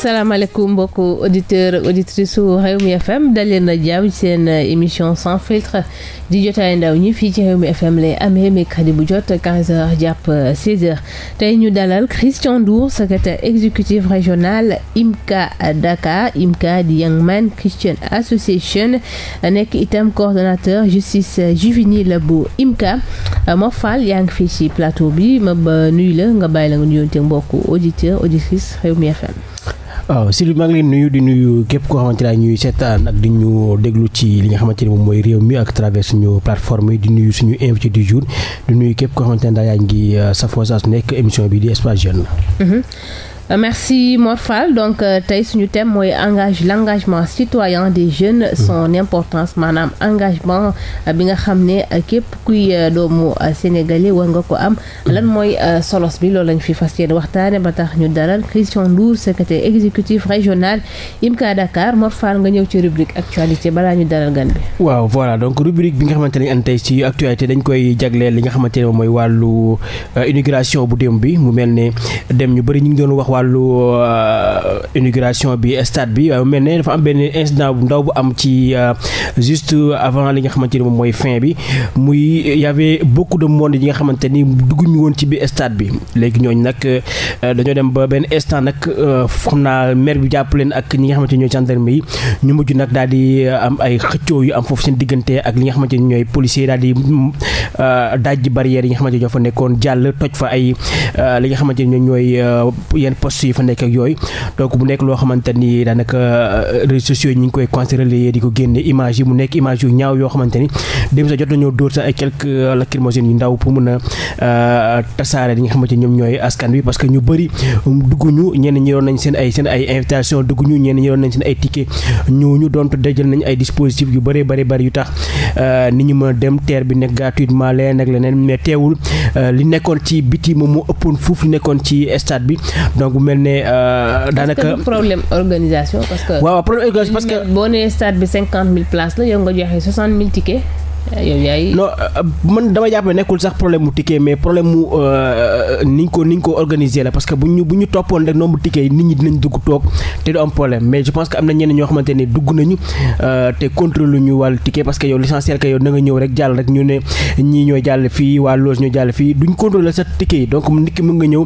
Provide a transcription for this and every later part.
salaamaaleykum mbokku auditeur auditrice su Rewmi FM dal leen a jàmm seen émission sans filtre di jotaay ndaw ñi fii ci Rewmi FM lay amee mercredi bu jot 15 jàpp 16h ñu dalal Christian Ndour secrétaire exécutif régional IMCA Dakar IMCA di Young Men Christian Association nekk itam coordonnateur justice juvénile bu IMCA Mor Fall yaa ngi fii ci plateau bi ma ba nuyu la nga bàyyi la nga nuyoonte mbokku auditeur auditrice Rewmi FM. waaw Sylvie maa ngi leen nuyu di nuyu képp koo xamante ne ñuy seetaan ak di ñu déglu ci li nga xamante ne moom mooy réew mi ak travers suñu plateforme yi di nuyu suñu invité du jour di nuyu képp koo xamante ne daa yaa ngi euh, safoo saa su nekk émission bi di Espace Jeune. Euh, merci Mor Fall donc euh, tey suñu thème mooy engage l'engagement citoyen des jeunes son mm. importance maanaam engagement euh, bi nga xam ne képp kuy doomu sénégalais war nga ko am mm. lan mooy solos bi loolu lañ fi fas yéene waxtaane ba tax ñu daral Christian Ndour secrétaire exécutif régional IMCA Dakar Mor Fall nga ñëw ci rubrique actualité balaa ñu daral gan bi waaw voilà donc rubrique bi nga xamante ne an tey ci actualité dañ koy jagleel li nga xamante ne mooy wàllu inauguration bu démb bi mu mel ne dem wàllu euh, inauguration bi stade bi waaye mel ne dafa am benn incident bu ndaw bu am ci euh, juste avant li nga xamante ni moom mooy fin bi muy y bokku beaucoup de monde yi nga xamante ni dugguñu woon ci biir stade bi léegi ñooñu nag euh, dañoo dem ba benn instant nag xam naa maire bi jàpp leen ak ñi nga xamante ni ñooy gendarme yi ñu mujj nag daal di am ay xëccoo yu am foofu seen diggante ak li nga xamante ni ñooy policiers daal di dajji barrières yi nga xamante ni ñoo fa nekkoon jàll toj fa ay li nga poste yi fa nekk ak yooyu donc mu nekk loo xamante daanaka euh, réseaux sociaux yi koy conservé di ko génne image yi mu nekk image yu ñaaw yoo xamante ni dem sax jot nañoo dóor sax ay quelques lacrymogènes yu ndaw pour mën a euh, tasaare li nga xamante ñoom ñooy askan bi parce que ñu bëri um, dugguñu ñenn ñi yoroon nañ seen ay seen ay invitation dugguñu ñenn ñi yoroon nañ seen ay ticket ñooñu donte dajal nañ ay dispositif yu bëree bëri bëri yu tax euh, ni ñu mën a dem teer bi nekk gratuitement leneen ak leneen mais teewul li nekkoon ci biti moom moo ëppoon fuuf li nekkoon bi bu mel ni euh, daanaka. problème organisation parce que. waaw problème organisation que. boo nee stade bi cinquante la yow nga joxe soixante mille Eh, yow yaay. non euh, man dama jàpp ne nekkul sax problème mu tikkee mais problème mu euh, euh, ni ñu ko ni ñu ko organiser la parce que bu ñu bu ñu toppoon rek nombre ticket yi nit ñi dinañ dugg toog te du am problème mais je pense que am na ñenn ñoo xamante ne dugg nañu te contrôle ñu wàllu ticket parce que yow l'essentiel que nga ñëw rek jàll ñu ne ñii ñooy jàll fii waa loge ñooy fii duñ contrôler sa ticket yi donc nit mën nga ñëw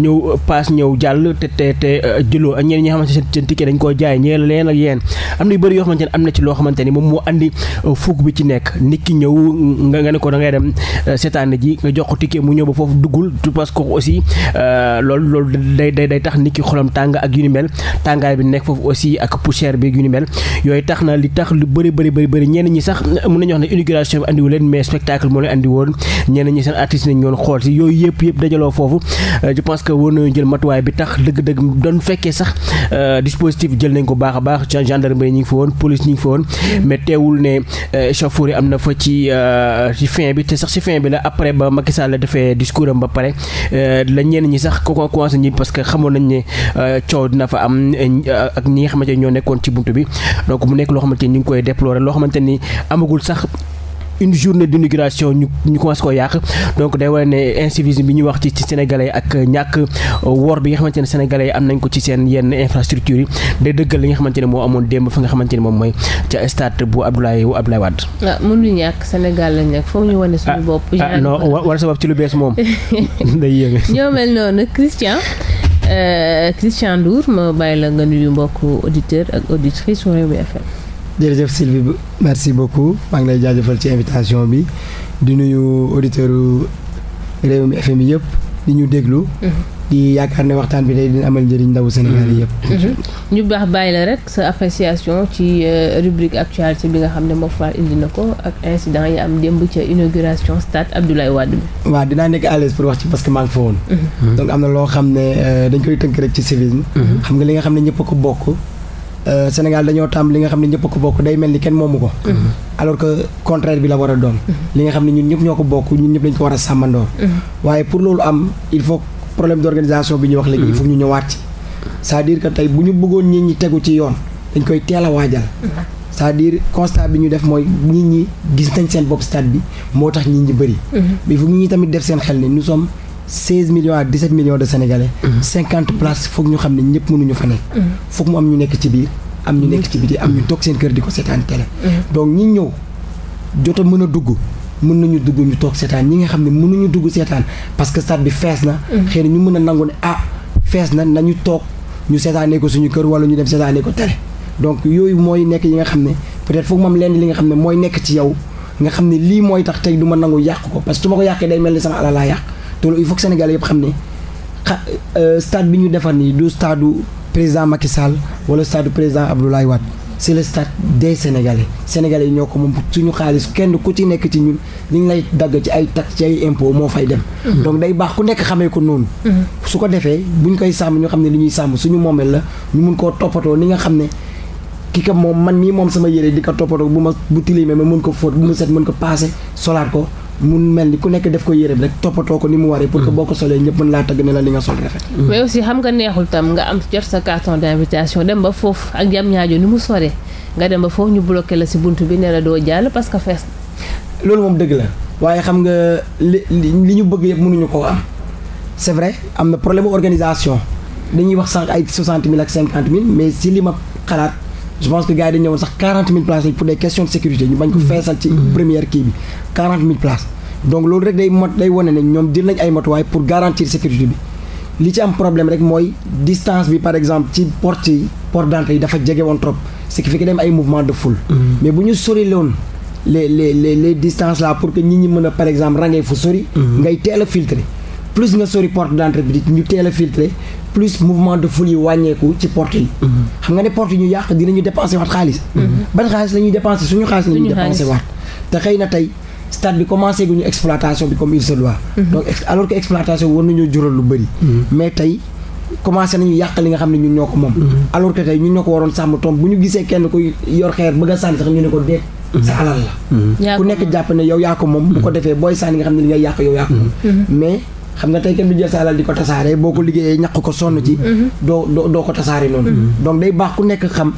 ñëw paas ñëw jàll te te te jëloo ak ñeneen ñi xamante koo jaay ñeel leen ak yeen am na yu yoo xamante ne am na ci loo xamante ni moom moo indi fukk bi ci nekk rek nit ki ñëw nga nga ne ko da dem euh, seetaan ji nga jox ko ticket mu ñëw ba foofu duggul parce que aussi euh, loolu loolu day day day tax nit ki xolam tàng ak yu ni mel tàngaay bi nekk foofu aussi ak poussière bi yu ni mel yooyu tax na li tax lu bëri bëri bëri bëri ñenn ñi sax mën nañu wax ne inauguration bi andiwu leen mais spectacle moo leen andi woon ñi seen artistes nañ ñoon xool si yooyu yëpp yëpp dajaloo foofu euh, je pense que war nañu jël matuwaay bi tax dëgg-dëgg ko baax a baax gendarmerie ñi ngi fa woon discours am na fa ci euh, ci fin bi te sax ci fin bi la après ba Macky Sall defee discours am ba pare euh, la ñenn ñi sax ko commencé ñi parce que xamoon nañ ne euh, coow dina fa am ak ñi nga xamante ne ñoo nekkoon ci buntu bi donc mu nekk loo xamante ni ñu ngi koy déplorer loo xamante ni amagul sax. une journée d' inauguration ñu ñu commencé yàq donc day wane ne incivisme bi ñu wax ci ci sénégalais ak ñàkk wor bi nga xamante ne sénégalais am nañ ko ci seen yenn infrastructure yi day dëggal li nga xamante ne moo amoon démb fa nga xamante ne moom mooy ca stade bu Abdoulaye wu Abdoulaye Wade. ah mënuñu ñàkk Sénégal lañ nekk foog ñu wane suñu ah, bopp. ah non wala sa bopp ci lu bees moom day yéeme. ñoo mel noonu Christian. Euh, Christian Ndour ma bàyyi la nga nuyu ak auditrices su jërëjëf Sylvie merci beaucoup maa ngi lay jaajëfal ci invitation bi di nuyu auditeurs Rewmi FM yëpp di ñu déglu. Mm-hmm. di yaakaar ne waxtaan bi de dina amal njëriñ ndaw Sénégal yi mm-hmm. yëpp. Mm-hmm. ñu baax bàyyi la rek sa appréciation ci euh, rubrique actualité bi nga xam ne Mor Fall indi na ko ak incident yi am démb ca inauguration stade Abdoulaye Wade bi. waaw dinaa nekk à l'aise pour wax ci parce que maa ngi fa donc am na loo xam ne euh, dañ koy tënk rek ci civisme. xam nga li nga xam ne ñëpp ko bokk. Euh, Sénégal dañoo tàmm li nga xam ne ñëpp ko bokk day mel ni kenn moomu ko. Mm-hmm. alors que contraire bi la war a doon. Mm-hmm. li nga xam ne ñun ñëpp ñoo ko bokk ñun ñëpp dañ ko war a sàmmandoor. Mm-hmm. waaye pour loolu am il faut problème d'organisation bi ñu wax léegi. il faut ñu ñëwaat ci. c'est-à-dire que bu ñu bëggoon nit ñi tegu ci yoon dañ koy teel a waajal. c'est-à-dire bi ñu def mooy nit ñi gis nañ seen bopp stade bi moo tax nit ñi bëri. mais fu nit ñi tamit def seen xel ne nous sommes seize millions ak dix-sept millions de sénégalais. Mm-hmm. cinquante places foog ñu xam ne ñëpp mënuñu fa nekk. Mm-hmm. foog mu am ñu nekk ci biir am ñu nekk ci biti am ñu mm-hmm. toog seen kër di ko seetaan télé. donc ñi ñëw jot a mën a dugg. mën nañu dugg ñu toog seetaan ñi nga xam ne mënuñu dugg seetaan parce que stade bi fees na. xëy na ñu mën a nangu ne ah fees na nañu toog ñu seetaanee ko suñu kër wala ñu dem seetaanee ko télé. donc yooyu mooy nekk yi nga xam ne peut-être foog moom lenn li nga xam ne mooy nekk ci yow nga lii mooy tax tey du ma nangu yàq ko parce que su ma mel ni sama yàq. te il faut que Sénégalais yëpp xam ne xa euh, stade bi ñu defar nii du stade du président Macky Sall wala stade du président Abdoulaye Wade c'est le stade des Sénégalais Sénégalais yi ñoo ko moom suñu xaalis kenn ku ci nekk ci ñun li ñu lay dagg ci ay tax ci ay impôt moo fay dem. Mhm. donc day baax ku nekk xamee ko noonu. Mhm. su ko defee buñ koy sàmm ñu xam ne li ñuy sàmm suñu moomeel la ñu mun koo toppatoo ni nga xam ne. ki ko moom man mii moom sama yére di ko toppatoo bu ma bu tilimee ko fóot bu ma ko paase solaat ko. mun mel ni ku nekk def ko yére bi rek toppatoo ko ni mu waree. pour que boo ko solee ñëpp mën laa tagg ne la li nga sol rafet. Mm. mais aussi xam nga neexul tam nga am jot sa carton d'invitation dem ba foofu ak jam ni mu soree nga dem ba foofu ñu bloqué la ci buntu bi ne la doo jàll parce que fees. loolu moom dëgg la waaye xam nga li li ñu bëgg yëpp mënuñu ko am c'est vrai am na problème organisation dañuy wax sànq ay soixante mille ak cinquante mille mais si li ma xalaat. je pense que gars yi dañu ñëwoon sax 40 000 places pour des questions de sécurité ñu bañ ko feesal ci mhm. première kii bi 40 000 places donc loolu rek day mot ne ñoom dinañ ay matuwaay pour garantir sécurité bi li ci am problème rek mooy distance bi par exemple ci porte yi porte d'entrée yi dafa jege woon trop ce dem ay mouvement de foule mhm. mais bu ñu sori loon les les les les distances là pour que ñi ñi mën par exemple rangee fu sori mhm. ngay teel a filtrer plus nga sori porte d'entrée bi ñu teel a filtré plus mouvement de foule yi wàññeeku ci porte yi. Mm-hmm. xam nga ne porte yi ñu yàq dinañu dépensé waat xaalis. Mm-hmm. ban xaalis la ñuy dépensé suñu xaalis la ñuy dépensé te xëy na tey stade bi commencé guñu exploitation bi comme il se doit. Mm-hmm. donc alors que exploitation war nañoo jural lu bëri. mais tey commencé nañu yàq li nga xam ne ñun ñoo ko moom. alors que tey ñun ñoo ko waroon sàmm tomb bu ñu gisee kenn kuy yor xeer a ko déet. sa alal la. ku xam nga tey kenn du jël sa alal di ko tasaare boo ko liggéeyee ñaq ko sonn ci mhm. doo doo doo ko tasaare noonu mhm. donc day baax ku nekk xam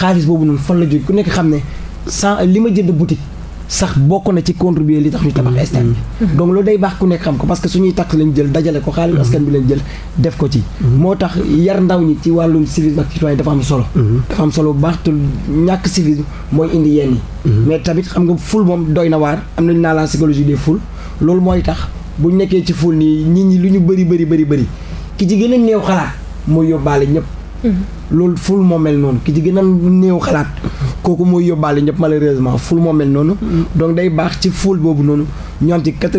xaalis boobu noonu fan la jóg ku nekk xam ne sa li ma jënd boutique sax bokk na ci contribuer li tax ñu tabax stade bi mhm. donc loolu day baax ku nekk xam ko parce que suñuy tax lañ jël dajale ko xaalis askan bi lañ jël def ko ci moo tax yar ndaw ñi ci wàllum civisme ak citoyen dafa am solo dafa am solo bu baax te ñàkk civisme mooy indi yenn yi mais tamit xam nga ful moom doy na waar am nañu naa la psychologie des foules loolu mooy tax buñ nekkee ci ful nii nit ñi lu ñu bëri bëri bëri bari ki ci gën a néew xalaat mooy yóbbaale ñëpp. Mm-hmm. loolu ful moo noonu ki ci gën a néew moo mel noonu. donc day baax ci ful boobu noonu ñu am ci quatre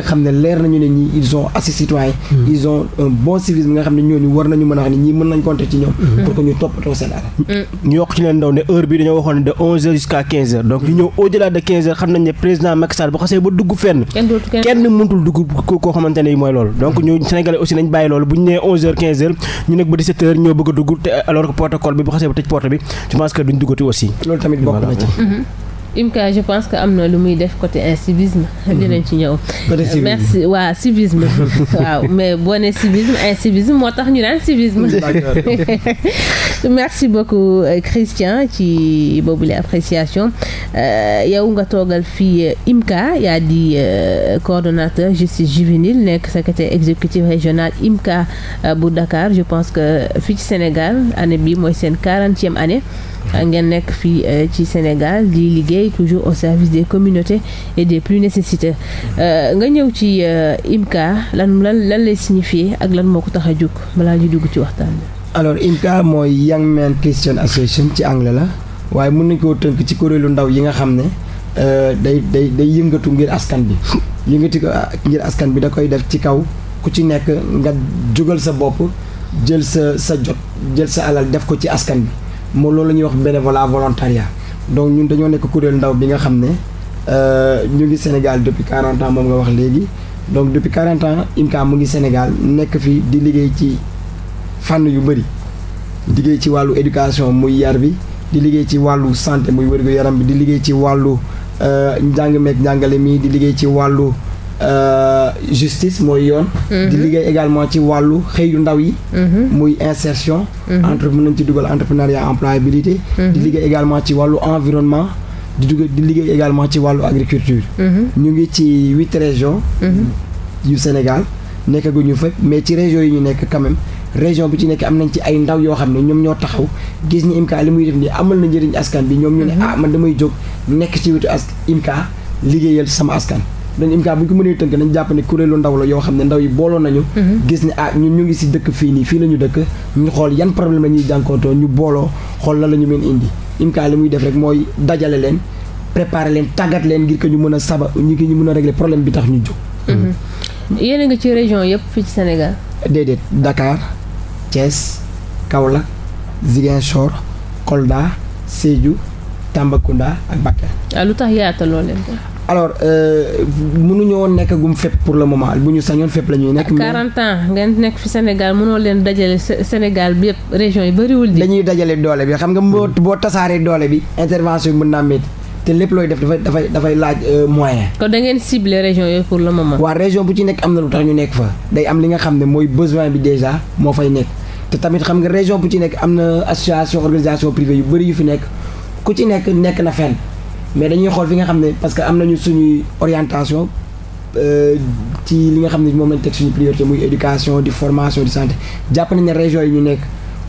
xam ne leer nañu ne ñii ils ont assez citoyen hmm. ils ont un bon civisme nga xam ne ñooñu war nañu mën a wax ne ñii mën nañ compter ci ñoom. Hmm. pour que ñu toppatoo seen alal. Hmm. ñu yokk ci leen ndaw ne heure bi dañoo waxoon de onze heures quinze heures donc ñëw au de quinze heures xam nañ ne président Macky Sall bu xasee ba dugg fenn. kenn mëntul dugg koo xamante ne mooy loolu. donc ñu Sénégalais aussi dugg te alors que bi bu xasee ba tëj porte bi je pense que duñ duggati aussi. IMCA je pense que am na lu muy def côté incivisme mhm. dinañ ci ñëw merci waa civisme waaw mais boo ne civisme incivisme moo tax ñu naan civisme merci beaucoup euh, Christian ci boobule appréciation euh, yow nga toogal fii euh, IMCA ya di coordonnateur justice juvénile nekk secrétaire exécutif régional IMCA bu Dakar je pense que fii ci Sénégal année bi mooy seen quarantième année ngeen nekk fii euh, ci Sénégal di liggéey toujours au service des communauté et des plus nécessiteux euh, nga ñëw ci euh, IMCA lan lan lan lay signifier ak lan moo ko tax a jóg balaa ñu dugg ci waxtaan bi. alors IMCA mooy Young Men Christian Association ci anglais la waaye mun nañ koo tënk ci kuréelu ndaw yi nga xam ne day day day yëngatu ngir askan bi yëngati ko ah, ngir askan bi da koy def ci kaw ku ci nekk nga jógal sa bopp jël sa sa jot jël sa alal def ko ci askan bi. moo loolu la ñuy wax bénévolat volontariat donc ñun dañoo nekk kuréel ndaw bi nga xam ne euh, ñu ngi Sénégal depuis 40 ans moom nga wax léegi donc depuis 40 ans IMCA mu ngi Sénégal nekk fi di liggéey ci fànn yu bëri liggéey ci wàllu éducation muy yar bi di liggéey ci wàllu santé muy wérgu yaram bi di liggéey ci wàllu euh, njàng meeg njàngale mii di liggéey ci wàllu Euh, justice mooy yoon. Mhm. di liggéey également ci wàllu xëy xëyu ndaw yi. Mhm. muy insertion. Mhm. entre mën nañ ci dugal entrepreneuriat employabilité. di liggéey également ci wàllu environnement. di dugal di liggéey également ci wàllu agriculture. ñu ngi ci huit région yu Sénégal nekkaguñu fa mais ci régions yi ñu nekk quand région bi ci nekk am nañ ci ay ndaw yoo xam ne ñoom ñoo taxaw gis ñi IMCA li muy def nii amal na njëriñ askan bi ñoom ñu ne ah man damay jóg nekk ci wetu as IMCA liggéeyal sama askan dañ IMCAS bu ñu ko mënee tënk nañ jàpp ne kuréelu ndaw la yoo xam ne ndaw yi booloo nañu mhm. gis ne ah ñun ñu ngi si dëkk fii nii fii la dëkk ñu xool yan problème la ñuy jànkontoo ñu booloo xool la la ñu mën indi IMCAS li muy def rek mooy dajale leen préparer leen tàggat leen ngir que ñu mën a saba ñu ngi ñu mën a régler problème bi tax ñu jóg mhm. yéene a ngi ci région yëpp fii ci Sénégal déedéet Dakar Thiès Kaolack Ziguinchor Kolda Sédhiou Tambacounda ak Bakel. Ah, lu tax yaataloon leen alors euh, mënuñu woon nekkagum fépp pour le moment bu ñu sañoon fépp la ñuy nekk. 40 ans ngeen nekk fi Sénégal mënoo leen dajale Sénégal bi yëpp région yi bëriwul. dañuy dajale doole bi xam nga boo mm-hmm. boo tasaaree doole bi intervention bi mën naa métti te lépp looy def dafay dafay dafay laaj euh, moyen. kon da ngeen ciblé région yooyu pour le moment. waa région bu ci nekk am na lu tax ñu nekk fa day am li nga xam ne mooy besoin bi déjà moo fay nekk te tamit xam nga région bu ci nekk am na association organisation privée yu bëri yu fi nekk ku ci nekk nekk na fenn. mais dañuy xool fi nga xam ne parce que am nañu suñuy orientation euh, ci li nga xam ne moom lañ teg suñu priorité muy éducation di formation di santé jàpp nañ ne région yi ñu nekk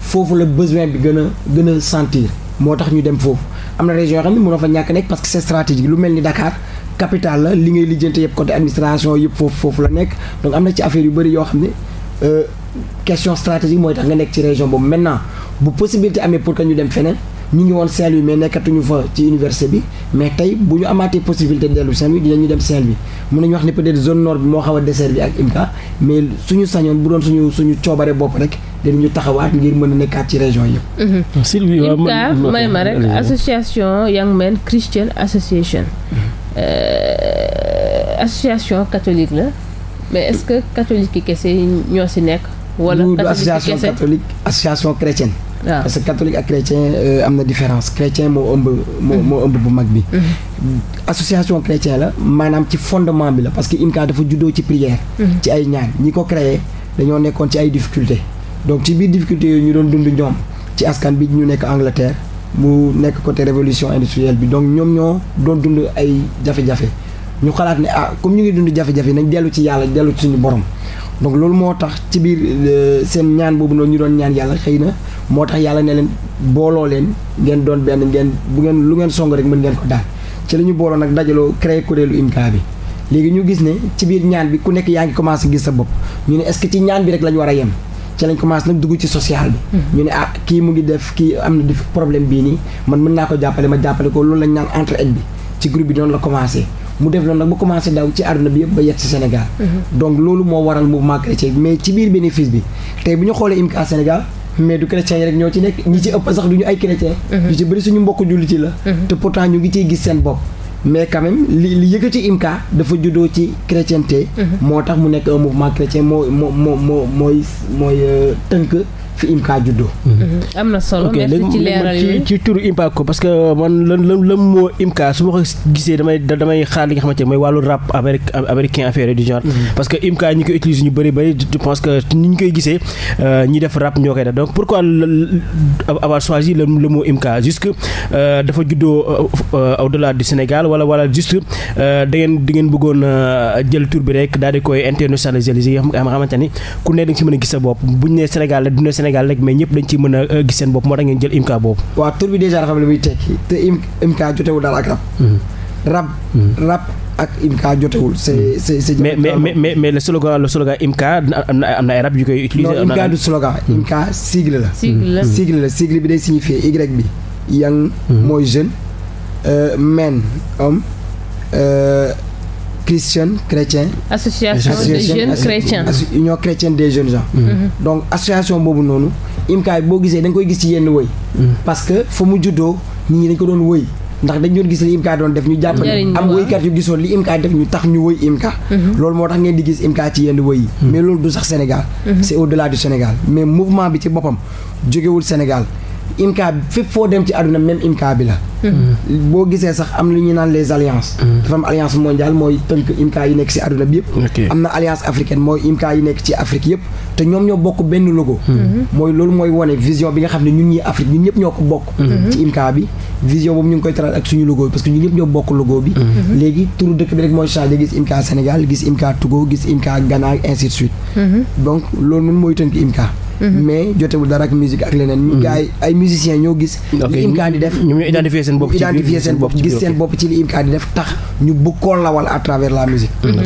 foofu la besoin bi gën a gën a sentir moo tax ñu dem foofu am na région yoo xam ne mënoo fa ñàkk nekk parce que c'est lu mel ni Dakar capitale la li lijjante yëpp côté administration yëpp foofu foofu la nekk donc am na ci affaire yu bëri yoo xam ne euh, question stratégique mooy tax nga nekk ci région boobu maintenant bu possibilité amee pour que ñu dem feneen ñu ngi woon Saint-Louis mais nekkatuñu fa ci université bi mais tey bu ñu amaatee possibilité dellu Saint-Louis dinañu dem Saint-Louis mun nañu wax ne peut-être zone nord bi moo xaw a dessert bi ak mais suñu sañoon bu doon suñu suñu coobare bopp rek ñu taxawaat ngir mën a nekkaat ci région yëpp. Mhm. Ah, Sylvie waaw IMCA may ma rek association Young Men Christian Association. Mhm. Euh, association catholique la mais est-ce que catholique yi kese ñoo si nekk. wala association catholique association chrétienne. waaw parce que catholique ak euh, am na différence chrétien moo ëmb. moo moo ëmb bu mag bi. Mhm. association chrétien la maanaam ci fondement bi la parce que IMCA dafa juddoo ci prière. Mhm. ci ay ñaan ñi ko créé dañoo nekkoon ci ay difficultés. donc ci biir difficultés yooyu ñu doon dund ñoom ci askan bi ñu nekk Angleterre mu nekk côté révolution industrielle bi donc ñoom ñoo doon dund ay jafe-jafe. ñu xalaat ne ah comme ñu ngi dund jafe-jafe nañ dellu ci yàlla dellu ci suñu borom donc loolu moo tax ci biir euh, seen ñaan boobu noonu ñu doon ñaan yàlla xëy na moo tax yàlla ne leen booloo leen ngeen doon benn ngeen bu ngeen lu ngeen song rek mën ngeen ko daal ci la ñu booloo nag dajaloo créé kuréelu IMCA bi léegi ñu gis ne ci biir ñaan bi ku nekk yaa ngi commencé gis sa bopp ñu ne est-ce que ci ñaan bi rek la war a yem ci lañ commencé nag dugg ci social bi mm-hmm. ne ah kii mu ngi def kii am na di problème bii nii man mën naa jàppale ma jàppale ko loolu lañ naan entre aide ci groupe bi la commencé mu def nag mu commencé daw ci àdduna bi yëpp ba yegg ci Sénégal. Mhm. donc loolu moo waral mouvement chrétien bi mais ci biir bénéfice bi tey bu ñu xoolee IMCA Sénégal. mais du chrétien yi rek ñoo ci nekk ñi ci ëpp sax du ñu ay chrétien mhm. ñu ci bëri suñu mbokk jullit yi la mhm. te pourtant ñu ngi ciy gis seen bopp mais quand même li li yëkkati IMCA dafa juddoo ci chrétienté moo tax mu nekk un mouvement chrétien moo moo moo moo mooy mooy euh, tënk fi IMCA juddoo. Mhm. am ci leeral yi ci parce que man la lan lan moo IMCA su ma ko gisee damay damay xaar li nga xamante ne wàllu rap américain affaire du mhm. parce que IMCA ñi koy utiliser ñu bëri bëri je pense que ni ñu koy gisee euh, ñi def rap ñoo koy def donc la avoir choisi le le mot IMCA juste euh, dafa juddoo euh, au delà du Sénégal wala wala juste da ngeen da ngeen bëggoon jël tur bi rek daal di koy internationaliser yi nga xamante ku da nga si a gis sa bopp Sénégal mais ñëpp dañ ci mën a euh, gis seen bopp moo tax ngeen jël IMCA boobu. waaw tur bi dèjà dafa am tekki te IMCA jotewul daal ak rab. Hmm. rab hmm. rab ak IMCA jotewul c'est hmm. c'est mais mais mais mais le slogan le slogan IMCA am na am na ay rab la. sigle la sigle la sigle bi day signifier Y bi. yang mooy jeune. Euh, men homme. Euh, Christian chrétien. association des jeunes chrétiens union chrétienne des jeunes gens. Mhm. donc association boobu noonu. imkaay boo gisee da nga koy gis ci yenn woy mhm. parce que fa mu juddoo nit ñi dañ ko doon woy ndax dañ doon gis li imkaa doon def ñu jàpp am woykat yu gisoon li imkaa def ñu tax ñu woy imkaa mhm. loolu moo tax ngeen di gis imkaa ci yenn woy yi mais loolu du sax Sénégal c'est au Sénégal mais mouvement bi ci boppam jógewul Sénégal IMCA fépp foo dem ci àdduna même IMCA bi la. Mm-hmm. boo gisee sax am lu ñuy naan les alliances. Mm-hmm. dafa am alliance mooy tënk IMCA yi nekk ci adduna bi yëpp. am na alliance africaine mooy IMCA yi nekk ci Afrique yëpp. te ñoom ñoo bokk benn logo. Mm-hmm. mooy loolu mooy wane vision bi nga xam ne ñun ñii Afrique ñun ñëpp ñoo ko bokk. ci IMCA bi vision boobu ñu ngi koy taral ak suñu logo bi parce que ñun ñëpp ñoo bokk logo bi. léegi turu dëkk bi rek mooy changé gis IMCA Sénégal gis IMCA Togo gis IMCA Ghana ainsi de suite. donc loolu noonu mooy tënk Mhm. mais jotewul dara ak musique ak leneen ñu mhm. gars yi ay musiciens ñoo gis li imkaan di def ñoom ñoo identifier seen bopp identifier seen bopp gis seen bopp ci li imkaan di def tax ñu bëgg koo lawal à travers la musique mhm.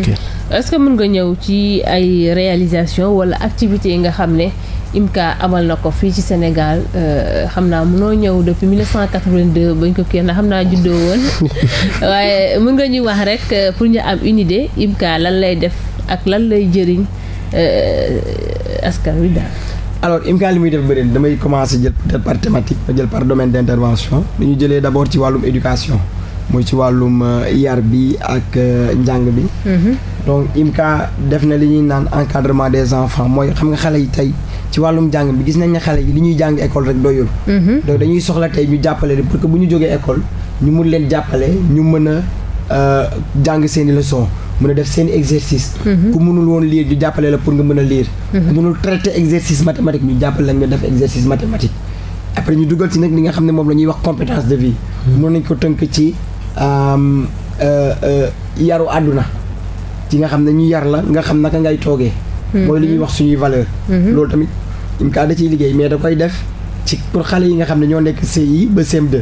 est-ce que mën nga ñëw ci ay réalisation wala activités yi nga xam ne IMCA amal na ko fii ci Sénégal euh, xam naa mënoo ñëw depuis 1982 bañ ko kii na xam naa juddoo woon waaye mën nga ñuy wax rek euh, pour ñu am une idée IMCA lan lay def ak lan lay jëriñ euh, askan wi daal. alors IMCA li muy def bëri damay commencer jël par thématique ma jël par domaine d'intervention dañu jëlee d'abord ci wàllum éducation mooy ci wàllum yar euh, bi ak euh, njàng bi mm-hmm. donc IMCA def na li ñuy naan encadrement des enfants mooy xam nga xale yi tey ci wàllum njàng bi gis nañ ne xale yi li ñuy jàng école rek doyul mm-hmm. donc dañuy soxla tey ñu jàppale leen pour que bu ñu jógee école ñu mun leen jàppale ñu mën a euh, jàng seeni la leçon mun a def seen exercice mhm. ku mënul woon lire ñu jàppale la pour nga mën a liir mhm. ku mënul traité exercice mathématique ñu jàppale la nga def exercice mathématique après ñu dugal ci nag li nga xam ne moom la ñuy wax compétence de vie mhm. nañ ko tënk ci euh, euh, yaru àdduna ci nga xam ne ñu yar la nga xam naka ngay toogee mooy li ñuy wax suñuy valeur loolu tamit IMCAS da ciy liggéey mais da koy def ci pour xale yi nga xam ne ñoo nekk yi ba CM2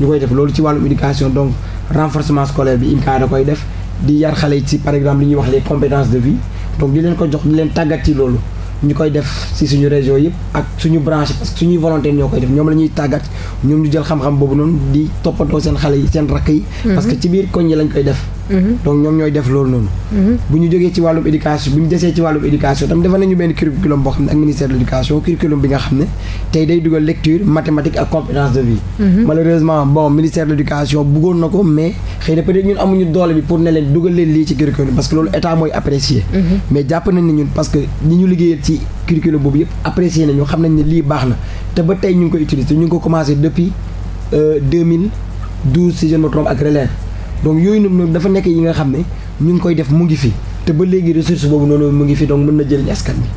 ñu koy def loolu ci wàllu éducation donc renforcement scolaire bi IMCAS da koy def di yar xale yi ci par exemple li ñuy wax les compétences de vie donc di leen ko jox di leen tàggat ci loolu ñu koy def ci suñu région yëpp ak suñu branche parce que suñuy volontaire ñoo koy def ñoom la ñuy tàggat ñoom ñu jël xam-xam boobu noonu di toppatoo seen xale yi seen rakk yi mm-hmm. parce que ci biir koñ yi lañ koy def donc ñoom ñooy def loolu noonu mm-hmm. bu ñu jógee ci wàllum éducation bu ñu desee ci wàllum éducation tam defal nañu benn curriculum boo xam ne ak ministère de l'éducation curriculum bi nga xam ne tey day dugal lecture mathématique ak compétence de vie mm-hmm. malheureusement bon ministère de l'éducation bëggoon na ko mais xëy na peut-être ñun amuñu doole bi pour ne leen dugal leen lii ci curriculum parce que loolu état mooy apprécier mm-hmm. mais jàpp nañ ne parce que ñi ñu liggéeyal lii ba tey ñu ngi ko utiliser ñu ngi ko commencé depuis 2012 euh, si je ne donc yooyu noonu dafa nekk yi nga xam ne ñu ngi koy def mu ngi fi te ba léegi ressource boobu noonu mu ngi fi donc mën na jëriñ askan bi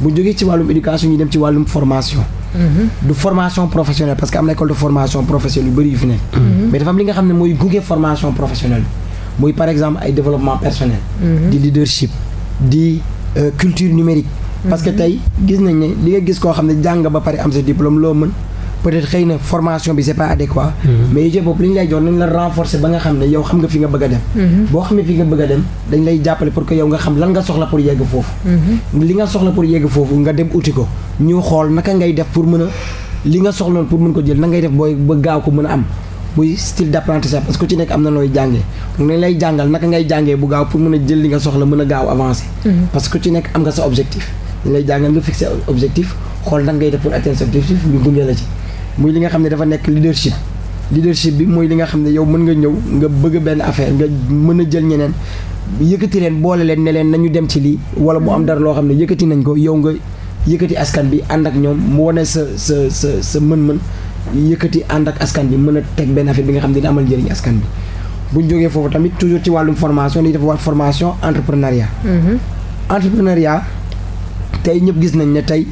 bu jógee ci wàllum éducation ñu dem ci wàllum formation. Mm-hmm. du formation professionnelle parce que am na de formation professionnelle yu bëri yu fi nekk. Mm-hmm. mais dafa li nga xam ne mooy gunge formation professionnelle bi muy par exemple ay développement personnel. Mm-hmm. di leadership di euh, culture numérique. parce que tey gis nañ ne li nga gis koo xam ne jàng ba pare am sa diplôme loo peut-être xëy na formation bi c'est pas adéquat mhm. mais UG boobu li ñu lay jox nañ la renforcer ba nga xam ne yow xam nga fi nga bëgg a dem mhm. boo xamee fi nga bëgg a dem dañ lay jàppale pour que yow nga xam lan nga soxla pour yegg foofu mhm. li nga soxla pour yegg foofu nga dem uti ko ñu xool naka ngay def pour mën a li nga soxloon pour mën ko jël na ngay def booy ba gaaw ko mën a am muy style d'apprentissage parce que ci nekk am na nooy jàngee donc nañ lay jàngal naka a jël li nga soxla a gaaw avancer que ci nekk am nga sa objectif dañ lay jàngal nga fixer objectif xool nan muy li nga xam ne dafa nekk leadership leadership bi mooy li nga xam ne yow mën nga ñëw nga bëgg benn affaire nga mën a jël ñeneen yëkkati leen boole leen ne leen nañu dem ci lii wala mu am dara loo xam ne yëkkati nañ ko yow nga yëkkati askan bi ànd ak ñoom mu wane sa sa sa sa mën-mën yëkkati ànd ak askan bi mën a teg benn affaire bi nga xam ne dina amal njëriñ askan bi buñ ñu jógee foofu tamit toujours ci wàllum formation dañuy def wàllu formation entrepreneuriat mm-hmm. entrepreneuriat tey gis nañ ne tey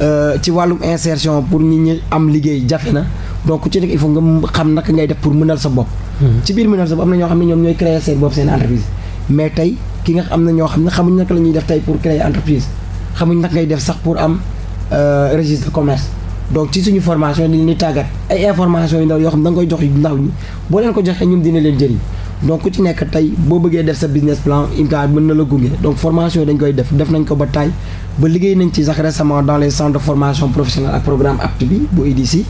Euh, ci wàllum insertion pour nit ñi am liggéey jafe na donc ku ci nekk il faut nga xam naka ngay def pour mënal sa bopp. Hmm. ci biir mënal sa bopp am na ñoo xam ne ñoom ñooy créer seen bopp seen entreprise mais tey ki nga am na ñoo xam ne xamuñ naka la ñuy def tey pour créer entreprise xamuñ naka ngay def sax pour am euh, registre de commerce. donc ci suñu formation dañu leen tàggat ay information yu ndaw yoo xam ne da koy jox ndaw ñi boo leen ko joxee ñun dina leen jëriñ. donc ku ci nekk tey boo bëggee def sa business plan IMTA mën na la gunge donc formation dañ koy def def nañ ko ba tay ba liggéey nañ ci sax récemment dans les centres de formation professionnelle ak programme apte bi bu IDC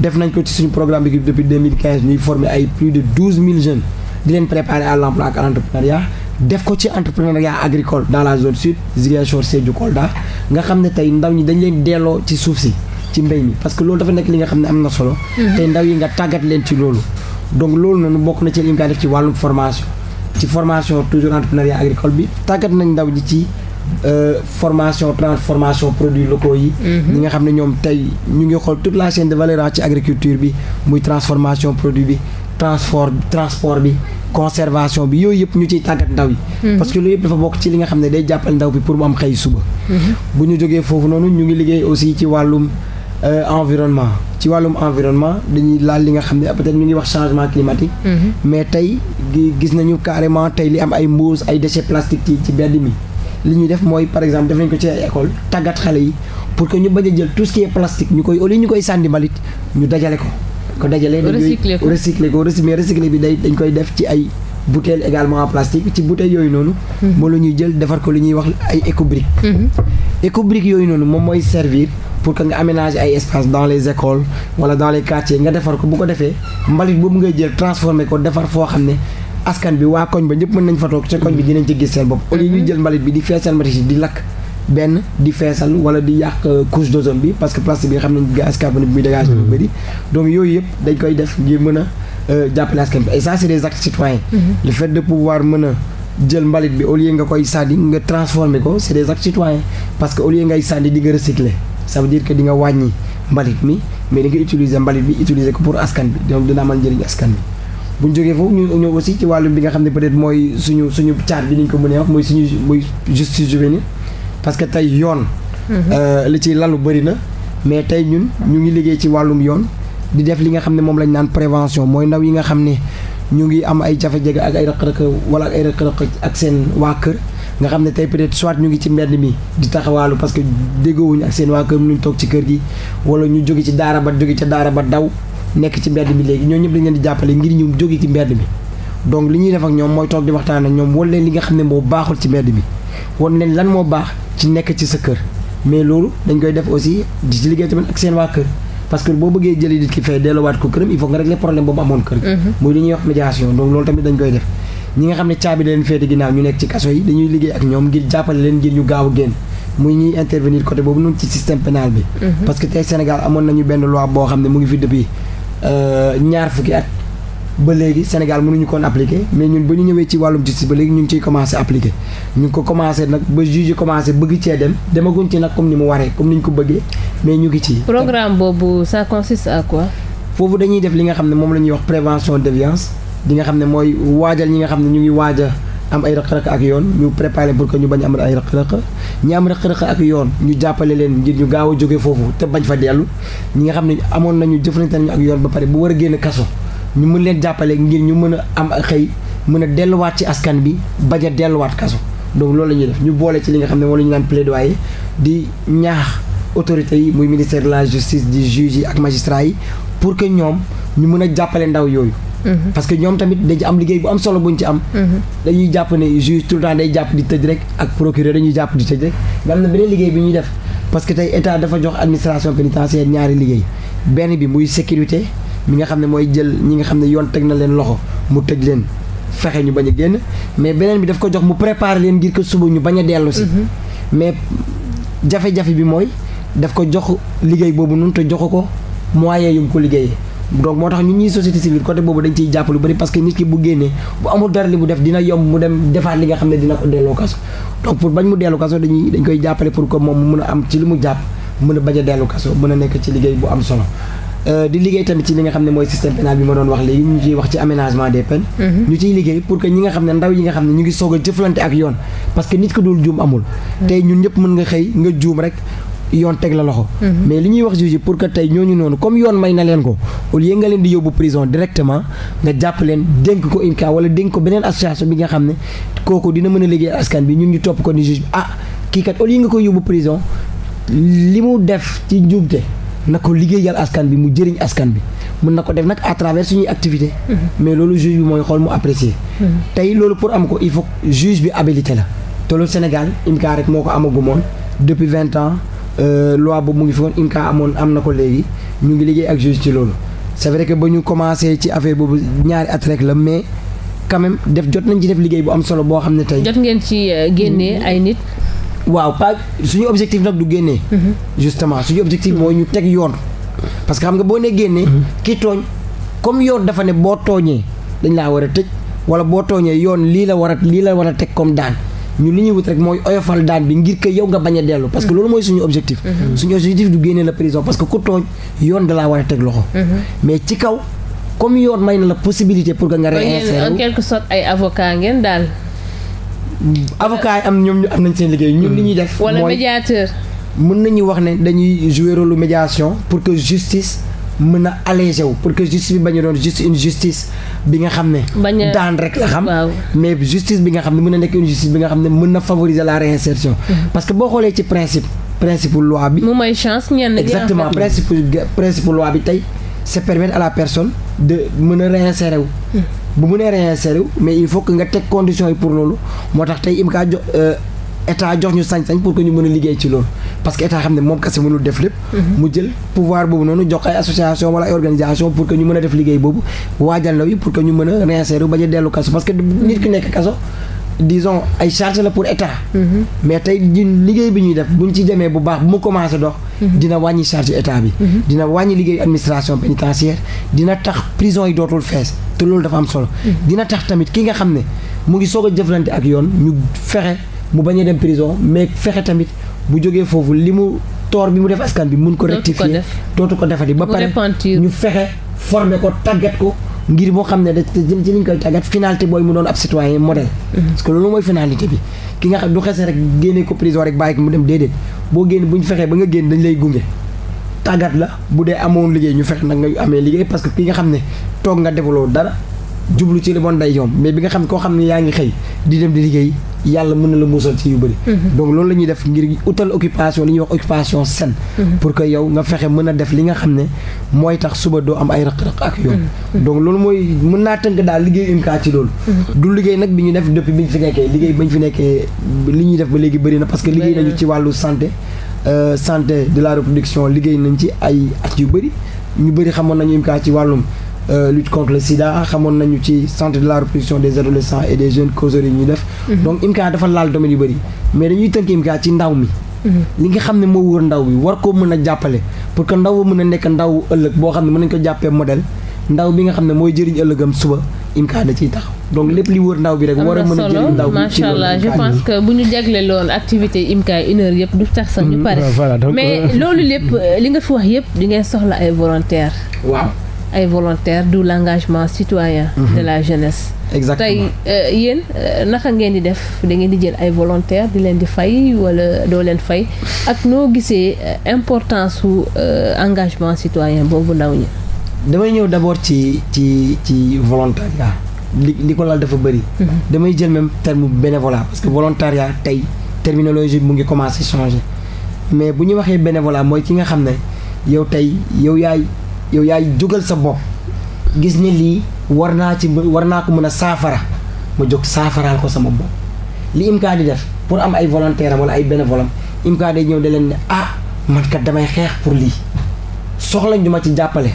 def nañ ko ci suñu programme bi depuis 2015 ñuy former ay plus de 12000 jeunes di leen préparer à l'emploi ak à def ko ci entrepreneuriat agricole dans la zone sud Ziguinchor Sédhiou Kolda nga xam ne tey ndaw ñi dañ leen delloo ci suuf si ci mbéy mi parce que loolu dafa nekk li nga xam ne am na solo. Mm-hmm. ndaw yi nga tàggat leen ci loolu. donc loolu noonu bokk na ci li ñu kaa def ci wàllum formation ci bi tàggat nañ ndaw ji ci euh, formation transformation produits locaux yi mm-hmm. nga xam ne ñoom tey ñu ngi xool toute la chaîne de valeur agriculture bi muy transformation produit bi transport transport bi conservation bi yooyu yëpp ñu ciy tàggat ndaw yi mm-hmm. parce li nga xam ne day jàppal ndaw bi pour mu am xëy suba mm-hmm. bu ñu jógee foofu noonu ñu ngi liggéey aussi ci wàllum Euh, environnement ci wàllum environnement dañuy laal li nga xam ne ah, peut-être ñu ngi wax changement climatique. Mhm. mais tey gis nañu carrément tey li am ay mbuus ay déchets plastiques yi ci mbedd mi. li ñuy def mooy par exemple def nañ ko ci ay école taggat xale yi pour que ñu bañ a jël tout ce qui est plastique ñu koy au lieu ñu koy sànni mbalit ñu dajale ko. ko dajale dañ koy recycler ko mais recycler bi day dañ koy def ci ay bouteilles également en plastique ci bouteilles yooyu noonu. Mhm. moo la ñuy jël defar ko li ñuy wax ay écobrique. Mhm. yooyu noonu moom mooy servir. pour que nga aménager ay espace dans les écoles wala dans les quartiers nga defar ko bu ko defee mbalit boobu ngay jël transformer ko defar foo xam ne askan bi waa koñ ba ñëpp mën nañ fa toog ca koñ bi dinañ ci gis seen bopp. au lieu ñuy mhm. jël mbalit bi di feesal mbalit yi di lakk. benn di feesal wala di yàq euh, couche d'ozone bi parce que plastique bi xam nañ gaz carbonique bi dégage mhm. bu bëri donc yooyu yëpp dañ koy def ngir mën a euh, jàppale askan bi et jël mbalit bi au lieu nga koy sànni nga transformer ko c'est des actes citoyens parce que au lieu ngay sànni di nga recycler ça veut dire que di nga wàññi mbalit mi mais di nga mbalit bi utiliser ko pour askan bi donc dina amal njëriñ askan bi bu ñu jógee foofu ñu ñëw aussi ci wàllum bi nga xam ne peut-être mooy suñu suñu caat bi ni ñu ko mënee wax mooy suñu mooy justice juvénile parce que tey yoon. Mhm. Euh, li ci lalu bëri na. mais tey ñun ñu ngi liggéey ci wàllum yoon di def li nga xam ne moom lañ naan prévention mooy ndaw yi nga xam ne. ñu ngi am ay jafe-jafe ak ay rëq-rëq wala ak ak seen waa kër nga xam ne tey peut-être soit ñu ngi ci mbedd mi di taxawaalu parce que déggoowuñu ak seen waa kër mënuñ toog ci kër gi wala ñu jóge ci daara ba jóge ca daara ba daw nekk ci mbedd mi léegi ñoo ñëpp dañ leen di jàppale ngir ñu jóge ci mbedd mi donc li ñuy def ak ñoom mooy toog di waxtaan ak ñoom wan leen li nga xam ne moo baaxul ci mbedd mi wan leen lan moo baax ci nekk ci sa kër mais loolu dañ koy def aussi di ci liggéey seen waa kër parce que boo bëggee jëli nit ki fee delluwaat ko këram il faut nga régler problème boobu amoon kër mhm. muy li ñuy wax médiation loolu tamit dañ koy def ñi nga xam ne caabi leen féete ginnaaw ñu nekk ci kaso dañuy liggéey ak ñoom ngir jàppale leen ngir ñu gaaw a génn muy ñuy intervenir côté boobu noonu ci système pénal bi mhm. parce que tey Sénégal amoon nañu benn loi boo xam ne mu ngi fi depuis euh, ñaar fukki at ba léegi Sénégal mu mënuñu kon appliquer mais ñun ba ñu ñëwee ci wàllum justice ba léegi ñu ngi ciy commencé appliquer ñu ngi ko commencé nag ba juge commencé bëgg cee dem demaguñ ci nag comme ni mu waree comme ni ñu ko bëggee mais ñu ngi ci. programme boobu ça consiste à quoi. foofu dañuy def li nga xam ne moom la ñuy wax prévention déviance li nga xam ne mooy waajal ñi nga xam ne ñu ngi waaja am ay rëq-rëq ak yoon ñu préparé pour que ñu bañ am ay rëq-rëq ñi am rëq-rëq ak yoon ñu jàppale leen ngir ñu gaaw a jóge foofu te bañ fa dellu ñi nga xam ne amoon nañu jëflante nañu ak yoon ba pare bu war a génn kaso ñu mën leen jàppale ngir ñu mën a am xëy mën a delluwaat ci askan bi bañ delluwaat kaso donc loolu la ñuy def ñu boole ci li nga xam ne moom la ñu naan plaidoyer di ñaax autorités yi muy ministère de la justice di juge yi ak magistrat yi pour que ñoom ñu mën a jàppale ndaw yooyu mhm. parce que ñoom tamit dañu am liggéey bu am solo buñ ci am mhm. dañuy jàpp ne juge tout le temps day jàpp di tëj rek ak procureur dañuy jàpp di tëj rek mais am na beneen liggéey bi ñuy def parce que tey état dafa jox administration pénitentiaire ñaari liggéey benn bi muy sécurité mi nga xam ne mooy jël ñi nga xam ne yoon teg na leen loxo mu tëj leen fexe ñu bañ a génn mais beneen bi daf ko jox mu préparer leen ngir que suba ñu bañ a dellu si. Mhm. mais jafe-jafe bi mooy daf ko jox liggéey boobu noonu te joxu ko ko liggéeyee. donc moo tax ñun ñuy société civile côté boobu dañ ciy jàpp lu parce que nit ki bu génnee bu amul dara li mu def dina yomb mu dem defaat li nga xam ne dina ko delloo kaso donc pour bañ mu dellu kaso dañuy dañ koy jàppale pour que moom mu mën a am ci li mu jàpp mën a bañ a dellu kaso mën a nekk ci liggéey bu am solo. Euh, di liggéey tamit ci li nga xam ne mooy système pénal bi ma doon wax léegi ñu ciy wax ci aménagement des peines mhm. ñu ciy liggéey pour que ñi nga xam ne ndaw yi nga xam ne ñu ngi soog a jëflante ak yoon parce que nit ko dul juum amul mhm. tey ñun ñëpp mën nga xëy nga juum rek yoon teg la loxo mhm. mais li ñuy wax juge pour que tey ñooñu noonu comme yoon may na leen ko au lieu nga leen di yóbbu prison directement nga jàpp leen dénk ko INCAR wala dénk ko beneen association bi nga xam ne kooku dina mën a liggéey askan bi ñu topp ko ni juge bi ah kii kat au lieu nga koy yóbbu prison li na ko liggéeyal askan bi mu jëriñ askan bi mën na ko def nag à travers suñuy activité mm-hmm. mais loolu juge bi mooy xool mu apprécier mm-hmm. tey loolu pour am ko il faut juge bi habilité la te loolu Sénégal moo ko amagumoon depuis vingt ans euh, mu ngi fi woon INCAR na ko léegi ñu ngi liggéey ak juge ci loolu c'est vrai que ba ñu commencé ci affaire boobu ñaari la mais quand même def jot nañ ci def liggéey bu am solo boo xam ne tey. jot ngeen ci euh, génnee mm-hmm. ay nit. waaw pas suñu objectif nag du génnee. Mhm. justement suñu objectif mooy ñu teg yoon. parce que xam nga boo ne génnee. Mhm. ki tooñ comme yoon dafa ne boo tooñee dañ laa war a tëj wala boo tooñee yoon lii la war a lii la war a teg comme daan. ñu li ñuy wut rek mooy oyofal daan bi ngir que yow nga bañ a dellu parce que mhm. loolu mooy suñu objectif suñu objectif du génnee la prison parce que ku tooñ yoon da war a teg loxo mais ci kaw comme yoon may na la possibilité pour que nga réinsérer en avocat yi am ñoom ñu am nañ seen liggéey ñun li ñuy def. wala médiateur mën nañu wax ne dañuy jouer rôle médiation pour que justice mën a allégé wu pour que justice bi bañ doon justice bi nga xam ne. daan rek la xam mais justice bi nga xam ne mën na nekk une justice bi nga xam ne mën na favoriser la réinsertion. Mm-hmm. parce que boo xoolee ci principe. principe loi bi. exactement principe principe bi tey. c'est permettre à la personne de mën a réinsérer wu. Hmm. bu mënee réinsérer wu mais il faut que nga teg conditions yi pour loolu moo tax tey IMCA jox euh, état jox ñu sañ-sañ pour que ñu mën a liggéey ci loolu parce que état xam ne moom kese mënul def lépp. Hmm. mu jël pouvoir boobu noonu jox ay association wala ay organisation pour que ñu mën a def liggéey boobu waajal ndaw yi pour que ñu mën a réinsérer wu bañ a dellu kaso parce nit ki nekk kaso. disons ay charge la pour état. Mhm. mais tey ñun liggéey bi ñuy def buñ ci demee bu baax bu mu commencé dox. Mhm. dina wàññi charge état bi. Mhm. dina wàññi liggéey administration pénitentiaire dina tax prison yi dootul fees te loolu dafa am solo. dina tax tamit ki nga xam ne mu ngi soog a jëflante ak yoon ñu fexe mu bañ a dem prison mais fexe tamit bu jógee foofu li mu toor bi mu def askan bi mun ko rectifier dootu ko defati ba pare ñu fexe former ko tàggat ngir boo xam ne da jëm ci liñ koy tàggat finalité booy mu doon ab citoyen modèle parce que loolu mooy finalité bi ki nga xam du xese rek génne ko priso rek bàyyi ko mu dem déedéet boo génn bu ñu fexee ba nga génn dañ lay gunge tàggat la bu dee amoon liggéey ñu fexe nag nga amee liggéey parce que ki nga xam ne toog nga defuloo dara jublu ci li bon day yomb mais bi nga xam koo xam ne yaa ngi xëy di dem di liggéey yàlla mën na la muusal ci yu bëri. Mm-hmm. donc loolu la ñuy def ngir utal occupation li ñuy wax mm-hmm. que yow nga fexe a def li nga xam ne mooy tax suba doo am ay rëq-rëq ak yoon. Mm-hmm. donc loolu mooy mën naa tënk daal liggéey UMCAS ci loolu. du liggéey nag bi ñu def depuis bi ñu liggéey bi fi nekkee li ñuy def ba léegi bëri na parce que liggéey nañu ci wàllu santé. Euh, santé de la reproduction liggéey nañ ci ay at yu bëri ñu bëri xamoon nañu UMCAS ci wàllum. Euh, lutte contre le sida xamoon nañu ci centre de la reproduction des adolescents et des jeunes causeries yi ñuy def mhm. donc IMCA dafa laal domaine yu bëri mais dañuy tënk IMCA ci ndaw mi mhm. li nga xam ne moo wër ndaw bi war koo mën a jàppale pour que ndaw mën a nekk ndaw ëllëg boo xam ne mën nañ ko jàppee modèle ndaw bi nga xam ne mooy jëriñ ëllëgam suba IMCA da ciy tax donc lépp li wër ndaw bi rek. war a mën a jëriñ ndaw bi macha allah je pense que bu ñu jagleeloon activité IMCA une heure yëpp du tax sax ñu mm, pare. mais euh, loolu lépp li nga fi wax yëpp di ngeen soxla ay volontaires. waaw. ay volontaires du l'engagement citoyen de mhm. la jeunesse exactement tey euh, yéen euh, naka ngeen di def da ngeen di jël ay volontaires di leen di fay wala doo leen fay ak noo gisee euh, importance su engagement citoyen boobu ndaw ñi damay ñëw d'abord ci ci ci volontariat li li ko laal dafa bëri mhm. damay jël même terme bénévolat parce que volontariat tey terminologie mu ngi commencé changer mais bu ñu waxee bénévolat mooy ki nga xam ne yow tey yow yaay yow yaay jógal sa bopp gis ni lii war naa ci war naa ko mën a saafara ma jóg saafaraal ko sama bopp li IMCA di def pour am ay volontaire am wala ay benn am IMCA day ñëw da leen ne ah man kat damay xeex pour lii soxla du ma ci jàppale